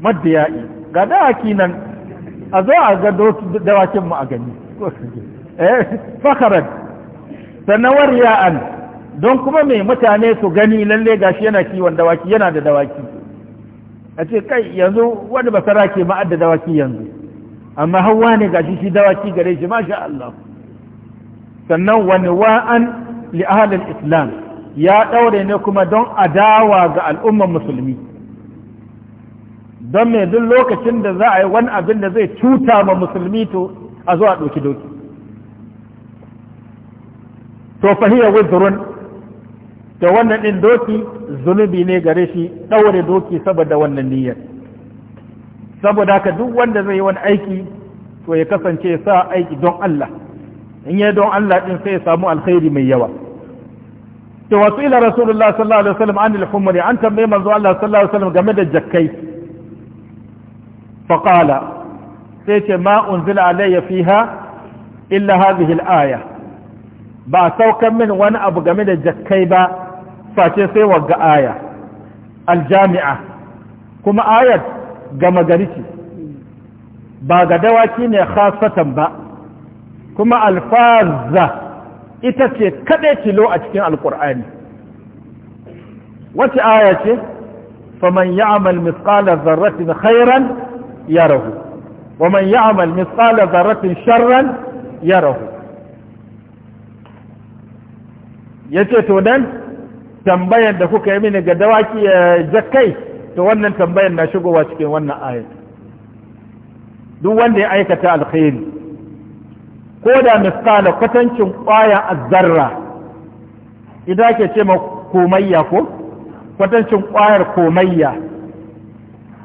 maddiyai ga dawaki nan a zo a ga dawakin mu a gani eh fakhran sannan wariya'an don kuma mai mutane su gani lalle gashi yana kiwon dawaki yana da dawaki a ce kai yanzu wani basara ke ma'adda dawaki yanzu amma hawa ne ga shi dawaki gare shi masha Allah sannan wani wa'an li islam ya ɗaure ne kuma don adawa ga al'umman musulmi don mai duk lokacin da za a yi wani abin da zai cuta ma musulmi to a zuwa doki doki to fahiyar wuzurun da wannan ɗin doki zunubi ne gare shi ɗaure doki saboda wannan niyyar saboda haka duk wanda zai yi wani aiki to ya kasance sa aiki don Allah in yi don Allah ɗin sai ya samu alkhairi mai yawa to wasu ila rasulullah sallallahu alaihi wasallam an al-humri an tambaye manzo Allah sallallahu alaihi wasallam game da jakkai fa qala sai ce ma unzila alayya fiha illa hadhihi al-aya ba saukan min wani abu game da jakkai ba face sai wagga aya aljami'a kuma ayat gama gari ce ba ga dawaki ne khasatan ba kuma alfazza ita ce kaɗai tilo a cikin alkur'ani wace aya ce faman ya'mal misqala dharratin khairan yarahu wa man ya'mal misqala dharratin sharran yarahu yace to dan Tambayan da kuka yi mini ga dawaki jakai to wannan tambayar na shigowa cikin wannan ayat duk wanda ya aikata alkhairi ko da misala kwatancin kwaya azzarra idan ke ce ma komayya ko kwatancin kwayar komayya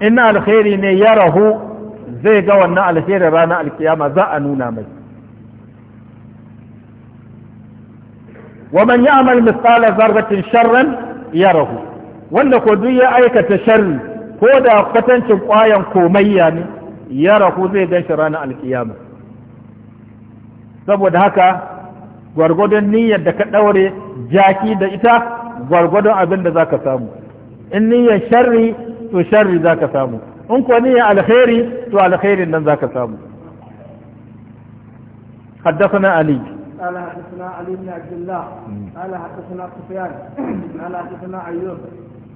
in alkhairi ne ya rahu zai ga wannan alkhairi ranar alkiyama za a nuna mai wa man ya'mal mithqala dharratin sharran yarahu wanda ko duk ya aikata sharri ko da kwatancin kwayan komayya ne yarahu zai gan shi ranar alkiyama saboda haka gwargwadon niyyar da ka daure jaki da ita gwargwadon abin da za ka samu in niyyar sharri to sharri za ka samu in ko niyyar alkhairi to alkhairin nan za ka samu حدثنا علي قال حدثنا علي بن عبد الله قال حدثنا سفيان قال حدثنا ايوب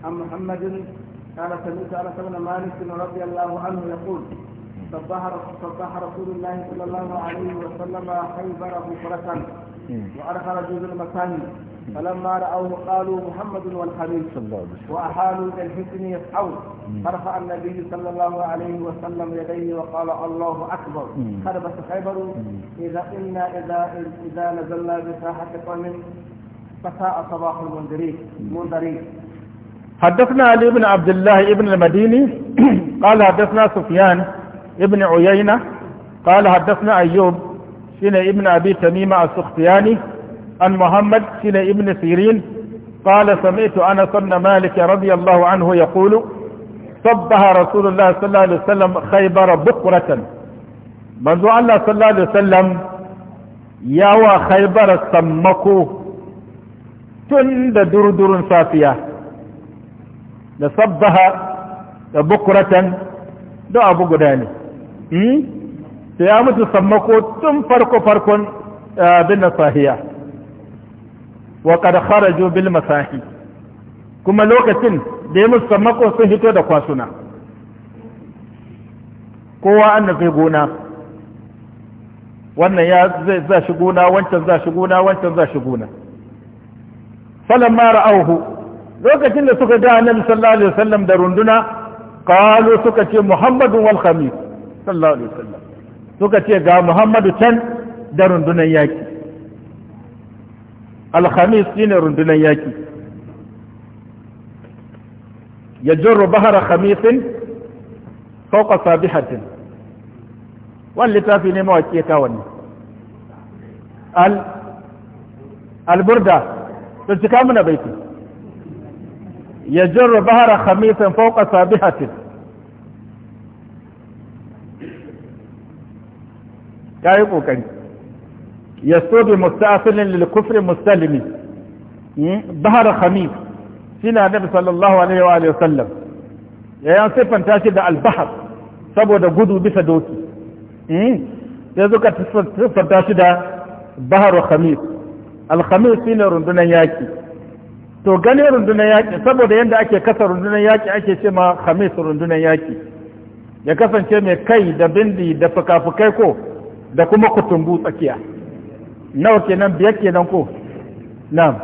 عن محمد قال سمعت انس بن مالك رضي الله عنه يقول صبح رسول الله صلى الله عليه وسلم خيبر بكره وأدخل جزء المكان فلما رأوه قالوا محمد والحبيب وأحالوا إلى الحسن يسعون فرفع النبي صلى الله عليه وسلم يديه وقال الله أكبر خربت خيبر إذا إنا إذا إذا نزلنا بساحة قوم فساء صباح المنذرين منذرين حدثنا علي بن عبد الله ابن المديني قال حدثنا سفيان بن عيينة قال حدثنا أيوب سنه ابن ابي تميمه السختياني عن محمد سنه ابن سيرين قال سمعت أنا بن مالك رضي الله عنه يقول صبها رسول الله صلى الله عليه وسلم خيبر بكره منذ الله صلى الله عليه وسلم يوى خيبر سمكو تند دردر سافية لصبها بكرة دعا بقداني sai ya mutu sammako tun farko-farkon eh, bin nasahiya wa kada kharaju bil masahi kuma lokacin da ya mutu sammako sun hito da kwasuna kowa an zai gona wannan ya za shi gona wancan za shi gona wancan za shi gona falan mara auhu lokacin da suka ga annabi sallallahu alaihi wasallam da runduna qalu suka ce muhammadun wal khamis sallallahu alaihi wasallam suka ce ga muhammadu can da rundunan yaki alhamis shine rundunan yaki ya jirru bahara khamisin fauka sabihatin wani littafi ne mawaƙi ya kawo ne alburda da cika muna baiti ya jirru bahara khamisin fauka sabihatin ka yi ƙoƙari ya so bi mustafilin lilkufri musalimi hmm bahar khamis shi na nabi sallallahu alaihi wa sallam ya yan siffanta shi da albahar saboda gudu bisa doki hmm sai suka siffanta shi da bahar khamis alhamis shi ne rundunar yaƙi to gane rundunar yaƙi saboda yadda ake kasa rundunar yaƙi ake ce ma khamis rundunar yaƙi ya kasance mai kai da bindi da fuka-fukai ko da kuma kutumbu tsakiya nawa kenan biyar kenan ko Nan.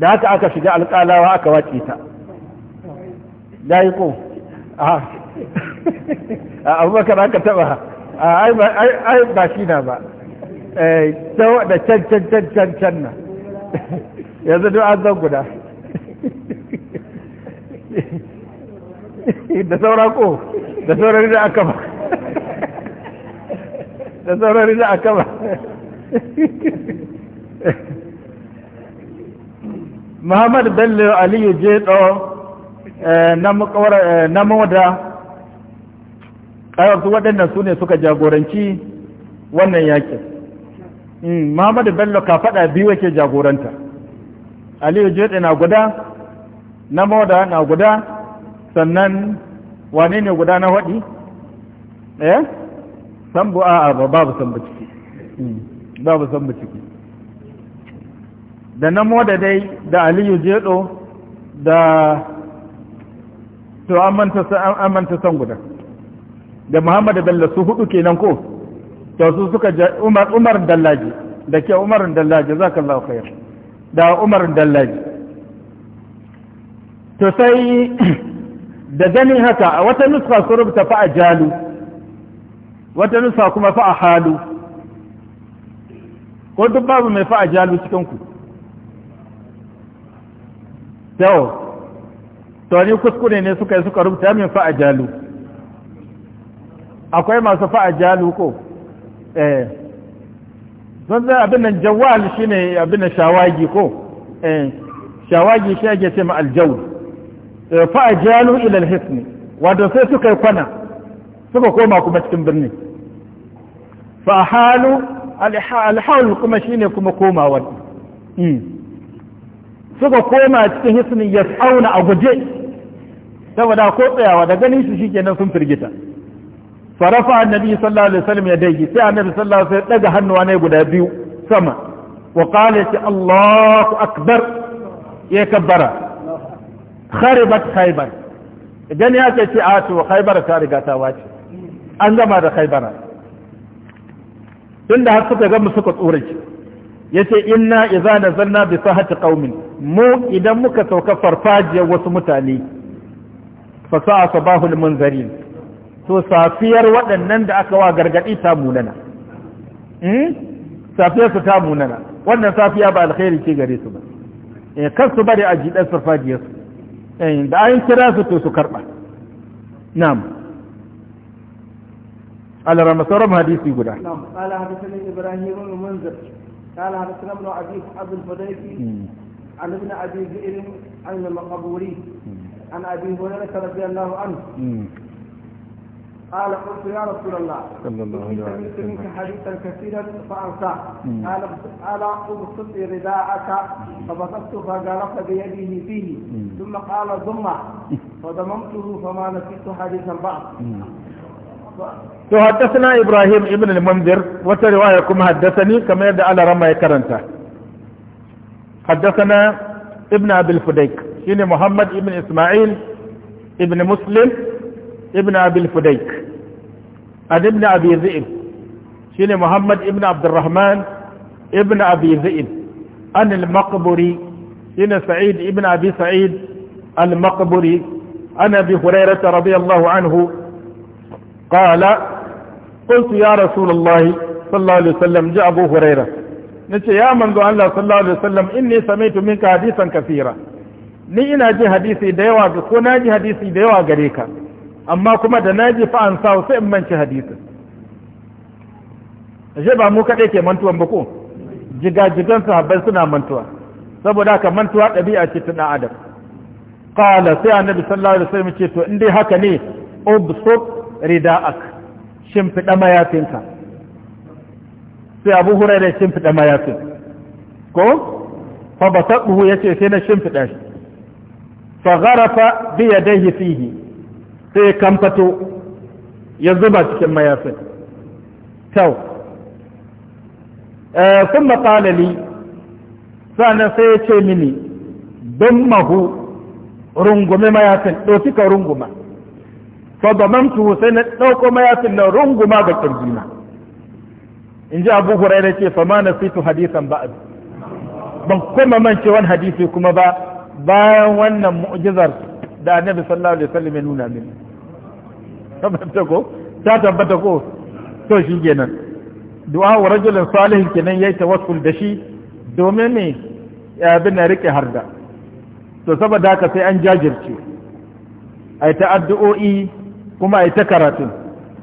da haka aka shiga alƙalawa aka wace ta da yi ko a abubakar aka taba ai ba shi na ba da eh, can can can can can na yanzu duk an zan guda da saura ko da sauran da aka ba da saurari za a kama muhammad bello aliyu jeto eh, eh, na moda ƙararsu waɗannan su ne suka jagoranci wannan yakin hmm, muhammad bello ka faɗa biyu wake jagoranta aliyu jeto na guda na moda na guda sannan wane ne guda na waɗi? eh sambo a'a ba babu san ciki hmm. babu san ciki da na moda dai da aliyu jedo da to an manta san guda da muhammad bello su hudu kenan ko to su suka umar umar dallaji da ke umar dallaji zakallahu khair da umar dallaji to sai da gani haka a wata nuska su rubuta fa jalu. wata nusa kuma fa a halu ko duk babu mai fa a jalu cikinku yau tori kuskure ne suka yi suka rubuta min fa a jalu akwai masu fa a jalu ko eh don zai abin nan jawal shi ne abin nan shawagi ko eh shawagi shi ake ce ma aljawul eh, fa a jalu ilal hisni wato sai suka yi kwana suka koma kuma cikin birni fa halu alhaul kuma shine kuma komawar suka koma cikin hisnin ya tsauna a guje saboda ko tsayawa da ganin shi shikenan sun firgita farafa annabi sallallahu alaihi wasallam ya daigi sai annabi sallallahu alaihi wasallam daga hannuwa ne guda biyu sama wa qala Allahu akbar ya kabbara kharibat khaybar idan ya ce a to khaybar ta riga ta wace an gama da khaibara tunda har suka gama suka tsorace yace inna idza nazalna bi sahati qaumin mu idan muka sauka farfajiyar wasu mutane fa sa'a sabahul munzarin to safiyar waɗannan da aka wa gargadi ta munana hmm safiyar su ta munana wannan safiya ba alkhairi ce gare su ba eh kan su bari a jidan farfajiyar su eh da an kira su to su karba na'am على رمضان حديثي قد قال حدثني إبراهيم بن منذر قال حدثنا ابن أبي أبو الفديكي عن ابن أبي بئر عن المقبوري عن أبي هريرة رضي الله عنه قال قلت يا رسول الله صلى الله عليه وسلم سمعت منك حديثا كثيرا فأنساه قال قال ابسط رداءك فبسطت فجرف بيده فيه ثم قال ضمه فضممته فما نسيت حديثا بعد to haddasana ibrahim ibn al-munzir wata riwaya kuma haddasani kamar yadda ala rama ya karanta haddasana ibn abil fudaik shine muhammad ibn isma'il ibn muslim ibn abil fudaik an ibn abi zi'ib shine muhammad ibn abdurrahman ibn abi zi'ib an al-maqburi shine sa'id ibn abi sa'id al-maqburi an abi hurairah radiyallahu anhu qala qultu ya rasulullahi sallallahu alaihi wasallam ji abu huraira nace ya manzo Allah sallallahu alaihi wasallam inni sami'tu minka hadisan kathira ni ina ji hadisi da yawa ga ko na naji hadisi da yawa gare ka amma kuma da na fa an sa sai in manci hadisin ashe ba mu kaɗai ke mantuwan ba ko jigajigan sahabbai suna mantuwa saboda haka mantuwa ɗabi'a ce ta ɗan adam qala sai annabi sallallahu alaihi wasallam ce to in dai haka ne ubsut rida'ak shimfiɗa mayafinka sai abu hurairar shimfiɗa mayafin ko fa ba taɓuhu ya ce sai na shimfiɗa shi fa garafa biya dai fihi sai ya kamfato ya zuba cikin mayafin kyau sun eh, makalali sannan sai ya ce mini don mahu rungume mayafin ɗauki ka runguma fa damamtu sai na dauko mayafin na runguma ga kirjina in ji abu hurairah ce fa ma nasitu hadisan ba'd ban kuma ce wani hadisi kuma ba bayan wannan mu'jizar da annabi sallallahu alaihi wasallam ya nuna min. tabbata ko ta tabbata ko to shi kenan du'a wa rajulin salihin kenan yayi tawassul da shi domin me abin na rike harda to saboda haka sai an jajirce ai ta addu'o'i kuma a yi ta karatun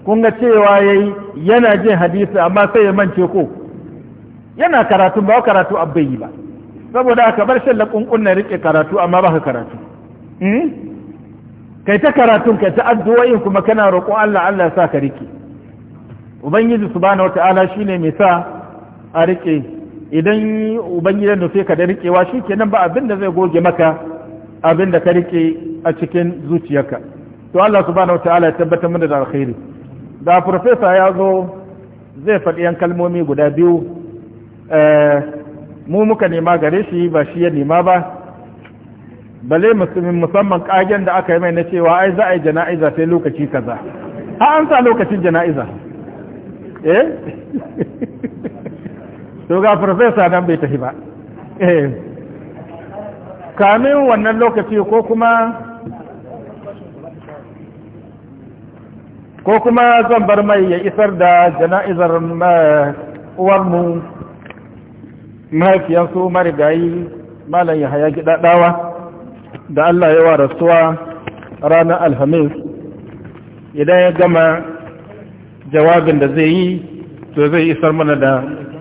kun ga cewa ya yi yana jin hadisi amma sai ya mance ko yana karatun ba karatu abin yi ba saboda aka bar shan laƙunƙun na riƙe karatu amma ba ka karatu hmm? kai ta karatun kai ta addu'o'in kuma kana roƙon Allah Allah ya sa ka riƙe ubangiji subhanahu wata'ala shine mai sa a riƙe idan ubangiji da sai ka da riƙewa shikenan ba abin da zai goge maka abin da ka riƙe a cikin zuciyarka to Allah subhanahu wataala ya tabbatar mana da alkhairi da professor ya zo zai faɗi yan kalmomi guda biyu eh, mu muka nema gare shi ba shi ya nema ba bale musamman kagen da aka yi mai na cewa ai za a yi jana'iza sai lokaci kaza ha an sa lokacin jana'iza eh to ga profesa nan bai tafi ba eh kamin wannan lokaci ko kuma ko kuma zan bar mai ya isar da jana'izar eh, uwarmu mahaifiyarsu, marigayi malam ya haya gidaɗawa da Allah yawa rasuwa ranar alhamis idan ya gama jawabin da zai yi to zai isar mana da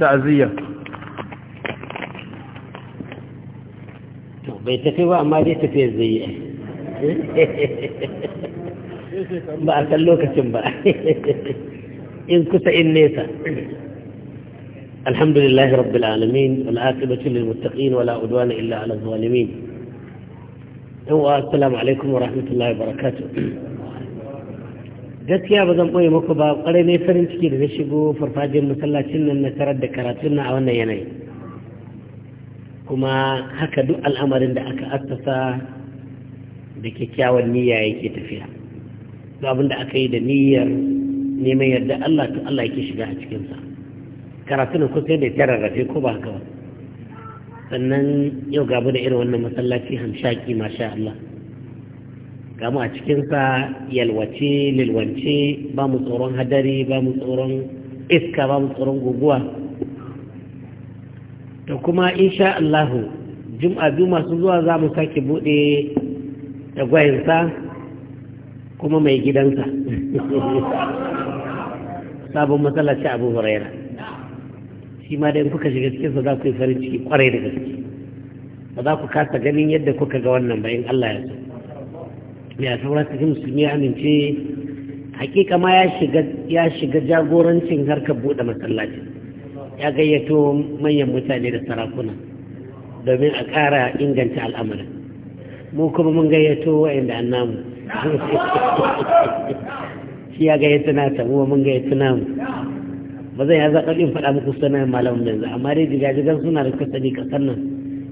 ta'aziyya bai tafi ba amma zai tafi zai yi ba a san lokacin ba in kusa in nesa alamin لله رب العالمين والعاقبة للمتقين ولا أدوان إلا على الظالمين هو alaikum wa rahmatullahi wa وبركاته gaskiya ba zan ɓoye muku ba ƙwarai ne farin ciki da na shigo farfajin masallacin nan na tarar da karatun na a wannan yanayi kuma haka duk al'amarin da aka assasa da kyakkyawan niyya yake tafiya ga abin da aka yi da niyyar neman yadda Allah ta Allah yake shiga a cikinsa karatun ku sai da tararrafe ko ba haka ba sannan yau gabu da irin wannan masallaci hamshaki masha Allah gamu a cikinsa yalwace lilwance ba mu tsoron hadari ba mu tsoron iska ba mu tsoron guguwa to kuma insha Allahu jum'a biyu masu zuwa za mu sake buɗe da gwayinsa kuma mai gidansa sabon matsala ce abu huraira shi ma da in kuka shiga cikinsa za ku yi farin ciki kwarai da gaske ba za ku kasa ganin yadda kuka ga wannan bayan Allah ya so ya saura cikin musulmi ya amince hakika ma ya shiga jagorancin harkar buɗe masallaci ya gayyato manyan mutane da sarakuna domin a ƙara inganta al'amarin mu kuma mun gayyato wa'anda an namu shi ya gayyato na ta mu mun na namu ba zai ya zaɓar in faɗa muku sunayen malamin yanzu amma dai jigajigan suna da kasani ƙasar nan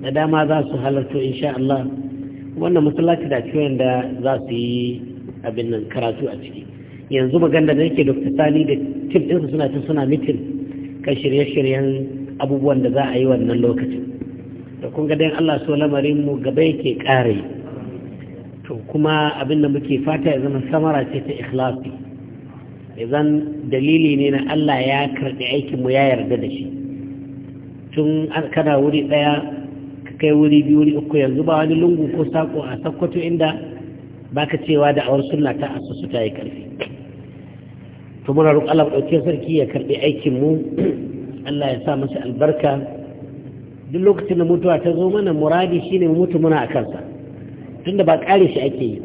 da dama za su halarto insha Allah wannan masallaci da ciwon da za su yi abin nan karatu a ciki yanzu maganda da yake dr sani da tim ɗinsa suna cin suna mitin kan shirye-shiryen abubuwan da za a yi wannan lokacin da kun ga dan Allah so lamarin mu gaba yake kare to kuma abin da muke fata ya zama samara ce ta ikhlasi idan dalili ne na Allah ya karbi aikin mu ya yarda da shi tun kana wuri daya ka kai wuri biyu wuri uku yanzu ba wani lungu ko sako a sakkwato inda baka cewa da awar sunna ta asusu ta yi karfi to muna roƙon Allah ɗauke sarki ya karbi aikin mu Allah ya sa masa albarka duk lokacin da mutuwa ta zo mana muradi shine mu mutu muna a kansa tunda ba ƙare shi ake yi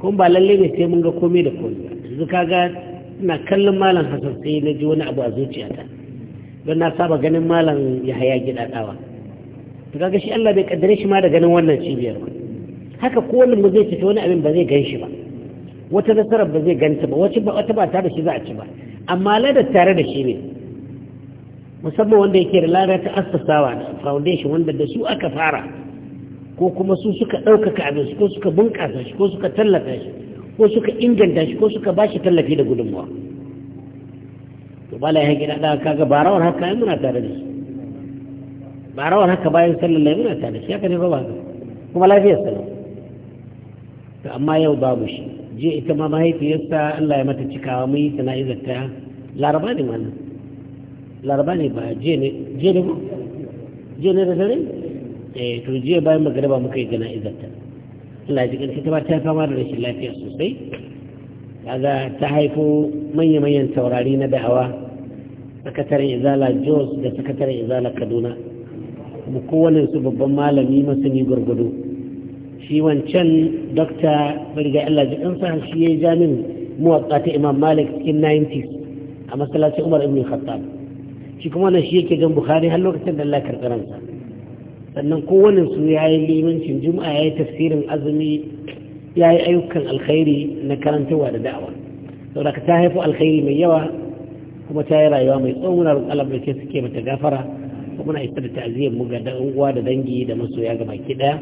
kuma ba lalle ne sai mun ga komai da komai yanzu kaga ina kallon malam Hassan sai na ji wani abu a zuciyata don na saba ganin malam Yahaya gida to kaga shi Allah bai kaddare shi ma da ganin wannan cibiyar ba haka kowanne mu zai fita wani abin ba zai ganshi ba wata nasarar ba zai ganta ba wata ba ta da shi za a ci ba amma ladar tare da shi ne musamman wanda yake da lada ta assasawa da foundation wanda da su aka fara ko kuma su suka ɗaukaka abin su ko suka bunƙasa shi ko suka tallata shi ko suka inganta shi ko suka ba shi tallafi da gudunmuwa to bala ya gida da kaga barawar haka ai muna tare da shi barawar haka bayan sallallahu muna tare da shi haka ne ba ba kuma lafiyar sallah to amma yau babu shi je ita ma mahaifiyarsa Allah ya mata cikawa mu yi sana'izar ta laraba ne wannan laraba ne ba jiya ne jiya ne ba ne da dare eh to jiya bayan magariba muka yi gana izarta Allah ji ta ba ta fama da rashin lafiya sosai kaga ta haifo manya-manyan taurari na da'awa sakataren izala jos da sakataren izala kaduna mu kowane su babban malami masani gwargwado shi wancan dokta birga Allah ji ƙansa shi ya yi jamin muwatsa ta imam malik cikin 90s a masallacin umar ibn khattab shi kuma na shi yake jan bukhari har lokacin da lakar tsaransa sannan kowane su ya yi limancin juma'a ya yi tafsirin azumi ya yi ayyukan alkhairi na karantarwa da da'awa saboda ta haifu alkhairi mai yawa kuma ta yi rayuwa mai tsawon muna roƙon ke suke mata gafara kuma na isa da ta'aziyar mu ga unguwa da dangi da masoya ga baki daya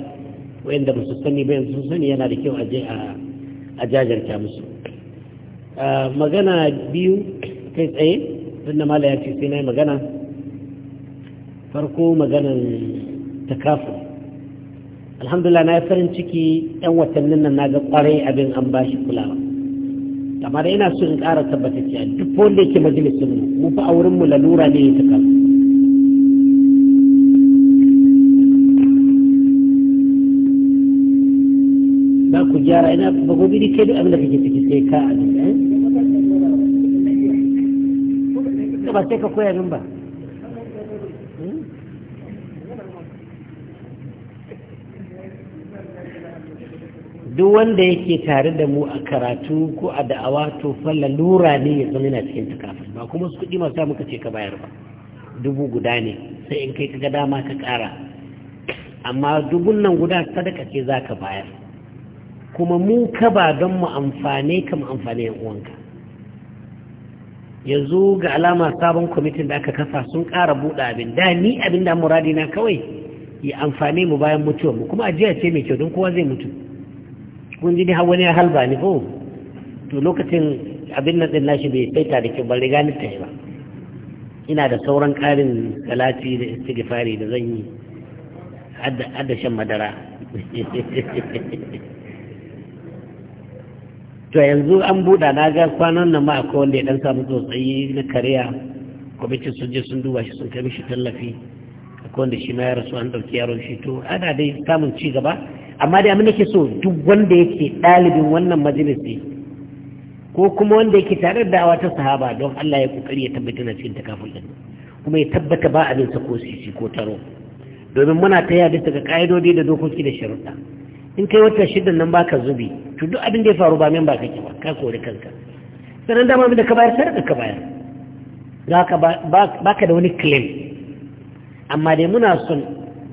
wayanda musu sani bayan sun sani yana da kyau a je a jajanta musu ah, magana biyu kai tsaye tun da mala ya ce sai na yi magana farko maganan takafur alhamdulillah na yi farin ciki yan watannin nan na ga kwarai abin an ba shi kulawa amma da ina so in kara tabbata a duk wanda yake majalisun mu mu fa a wurin mu lalura ne ya kafa, za ku gyara ina ba gobe ne kai duk abin da kake ciki sai ka a duk ba sai ka koya min ba duk wanda yake tare da mu a karatu ko a da'awa to falla lura ne ya zama yana cikin takafin ba kuma su kuɗi masu muka ce ka bayar ba dubu guda ne sai in kai kaga dama ka ƙara amma dubun nan guda sadaka ce za ka bayar kuma mu ka ba don mu amfane ka mu amfane yan uwanka yanzu ga alama sabon kwamitin da aka kafa sun ƙara buɗe abin da ni abin da muradi na kawai ya amfani mu bayan mutuwa mu kuma ajiya ce mai kyau don kowa zai mutu kun ji har wani halba ni ko oh. to lokacin abin nan din nashi bai saita da kyau ban riga ni ta ba ina da sauran ƙarin salati da istighfari da zan yi adda shan madara to yanzu an buɗa na ga kwanan nan ma akwai wanda ya ɗan samu tsotsayi na kariya kwamitin sun je sun duba shi sun kai mishi tallafi akwai wanda shi ma ya rasu an ɗauki yaron shi to ana dai samun ci gaba amma dai amma nake so duk wanda yake ɗalibin wannan majalisi ko kuma wanda yake tare da awa ta sahaba don Allah ya kokari ya tabbata na cikin takaful din kuma ya tabbata ba abin sa ko sisi ko taro domin muna ta yadda daga ka'idodi da dokoki da sharuɗa in kai wata shidan nan baka zubi to duk abin da ya faru ba min ba kake ba ka kori kanka sannan dama da ka bayar sarka ka bayar za ka baka da wani claim amma dai muna son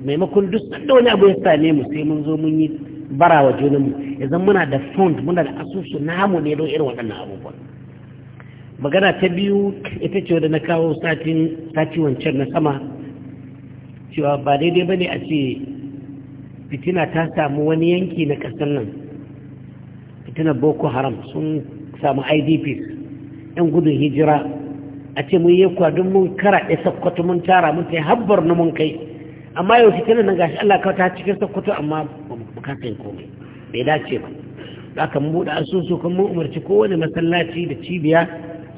maimakon duk da wani abu ya same mu sai mun zo mun yi bara wa mu idan muna da fund muna da asusu namu ne don irin waɗannan abubuwan magana ta biyu ita ce da na kawo sati wancan na sama cewa ba daidai ba ne a ce fitina ta samu wani yanki na kasar nan fitinar boko haram sun samu I.D.P. yan gudun hijira a ce mun yi kwadun mun karaɗe sakkwato mun tara mun ta yi habbar na mun kai amma yau fitinar nan gashi allah kawai ta cikin sakkwato amma bukatan komai bai dace ba da aka buɗe asusu kan mun umarci kowane masallaci da cibiya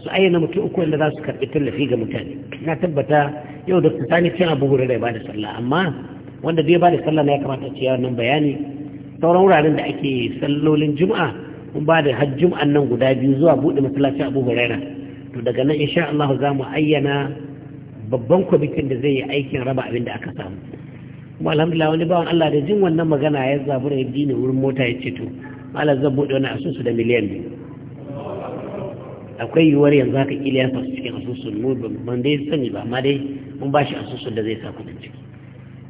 su ayyana mutum uku wanda za su karɓi tallafi ga mutane na tabbata yau da ta sani cin abu gudu da ba da sallah amma wanda zai ba da sallah na ya kamata ce ya wannan bayani sauran wuraren da ake sallolin juma'a mun ba da har juma'an nan guda biyu zuwa buɗe masallacin abu huraira to daga nan insha Allah za mu ayyana babban kwamitin da zai yi aikin raba abin da aka samu kuma alhamdulillah wani bawan Allah da jin wannan magana ya zabura ya dini wurin mota ya ce to malam zai buɗe wani asusu da miliyan biyu akwai yiwuwar yanzu haka kila ya fasu cikin asusun mu ban dai sani ba amma dai mun ba shi asusun da zai sa kudin ciki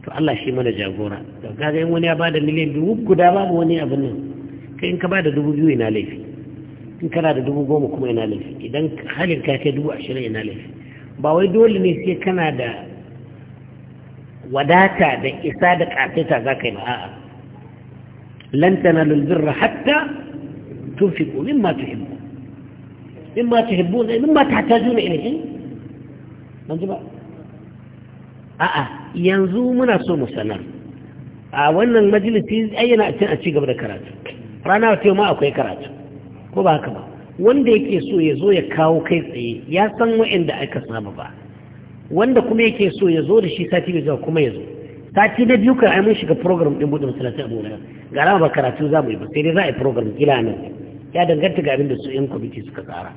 to Allah shi mana jagora to kaga in wani ya bada miliyan dubu guda babu wani abin nan kai in ka bada dubu biyu ina laifi in kana da dubu goma kuma ina laifi idan halin ka kai dubu ashirin ina laifi ba wai dole ne sai kana da wadata da isa da kafita za ka yi ba a'a lan tanalu birra hatta tunfiqu mimma tuhibbu mimma tuhibbu mimma tahtajuna ilayhi ban ba a'a yanzu muna so mu sanar a wannan majalisi ayyana a cin a cigaba da karatu rana wata ma akwai karatu ko ba haka ba wanda yake so ya zo ya kawo kai tsaye ya san da aka saba ba wanda kuma yake so ya zo da shi sati mai zuwa kuma ya zo sati na biyu kan ai mun shiga program din budin masalacin abu ne ga alama ba karatu za mu yi ba sai dai za a yi program kila nan ya danganta ga abin da su yan kwamiti suka tsara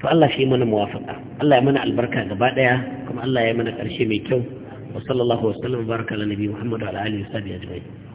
to Allah shi mana muwafaqa Allah ya mana albarka gaba daya kuma Allah ya mana karshe mai kyau wa sallallahu wa sallam baraka ala nabi Muhammad wa ala alihi wa sahbihi ajma'in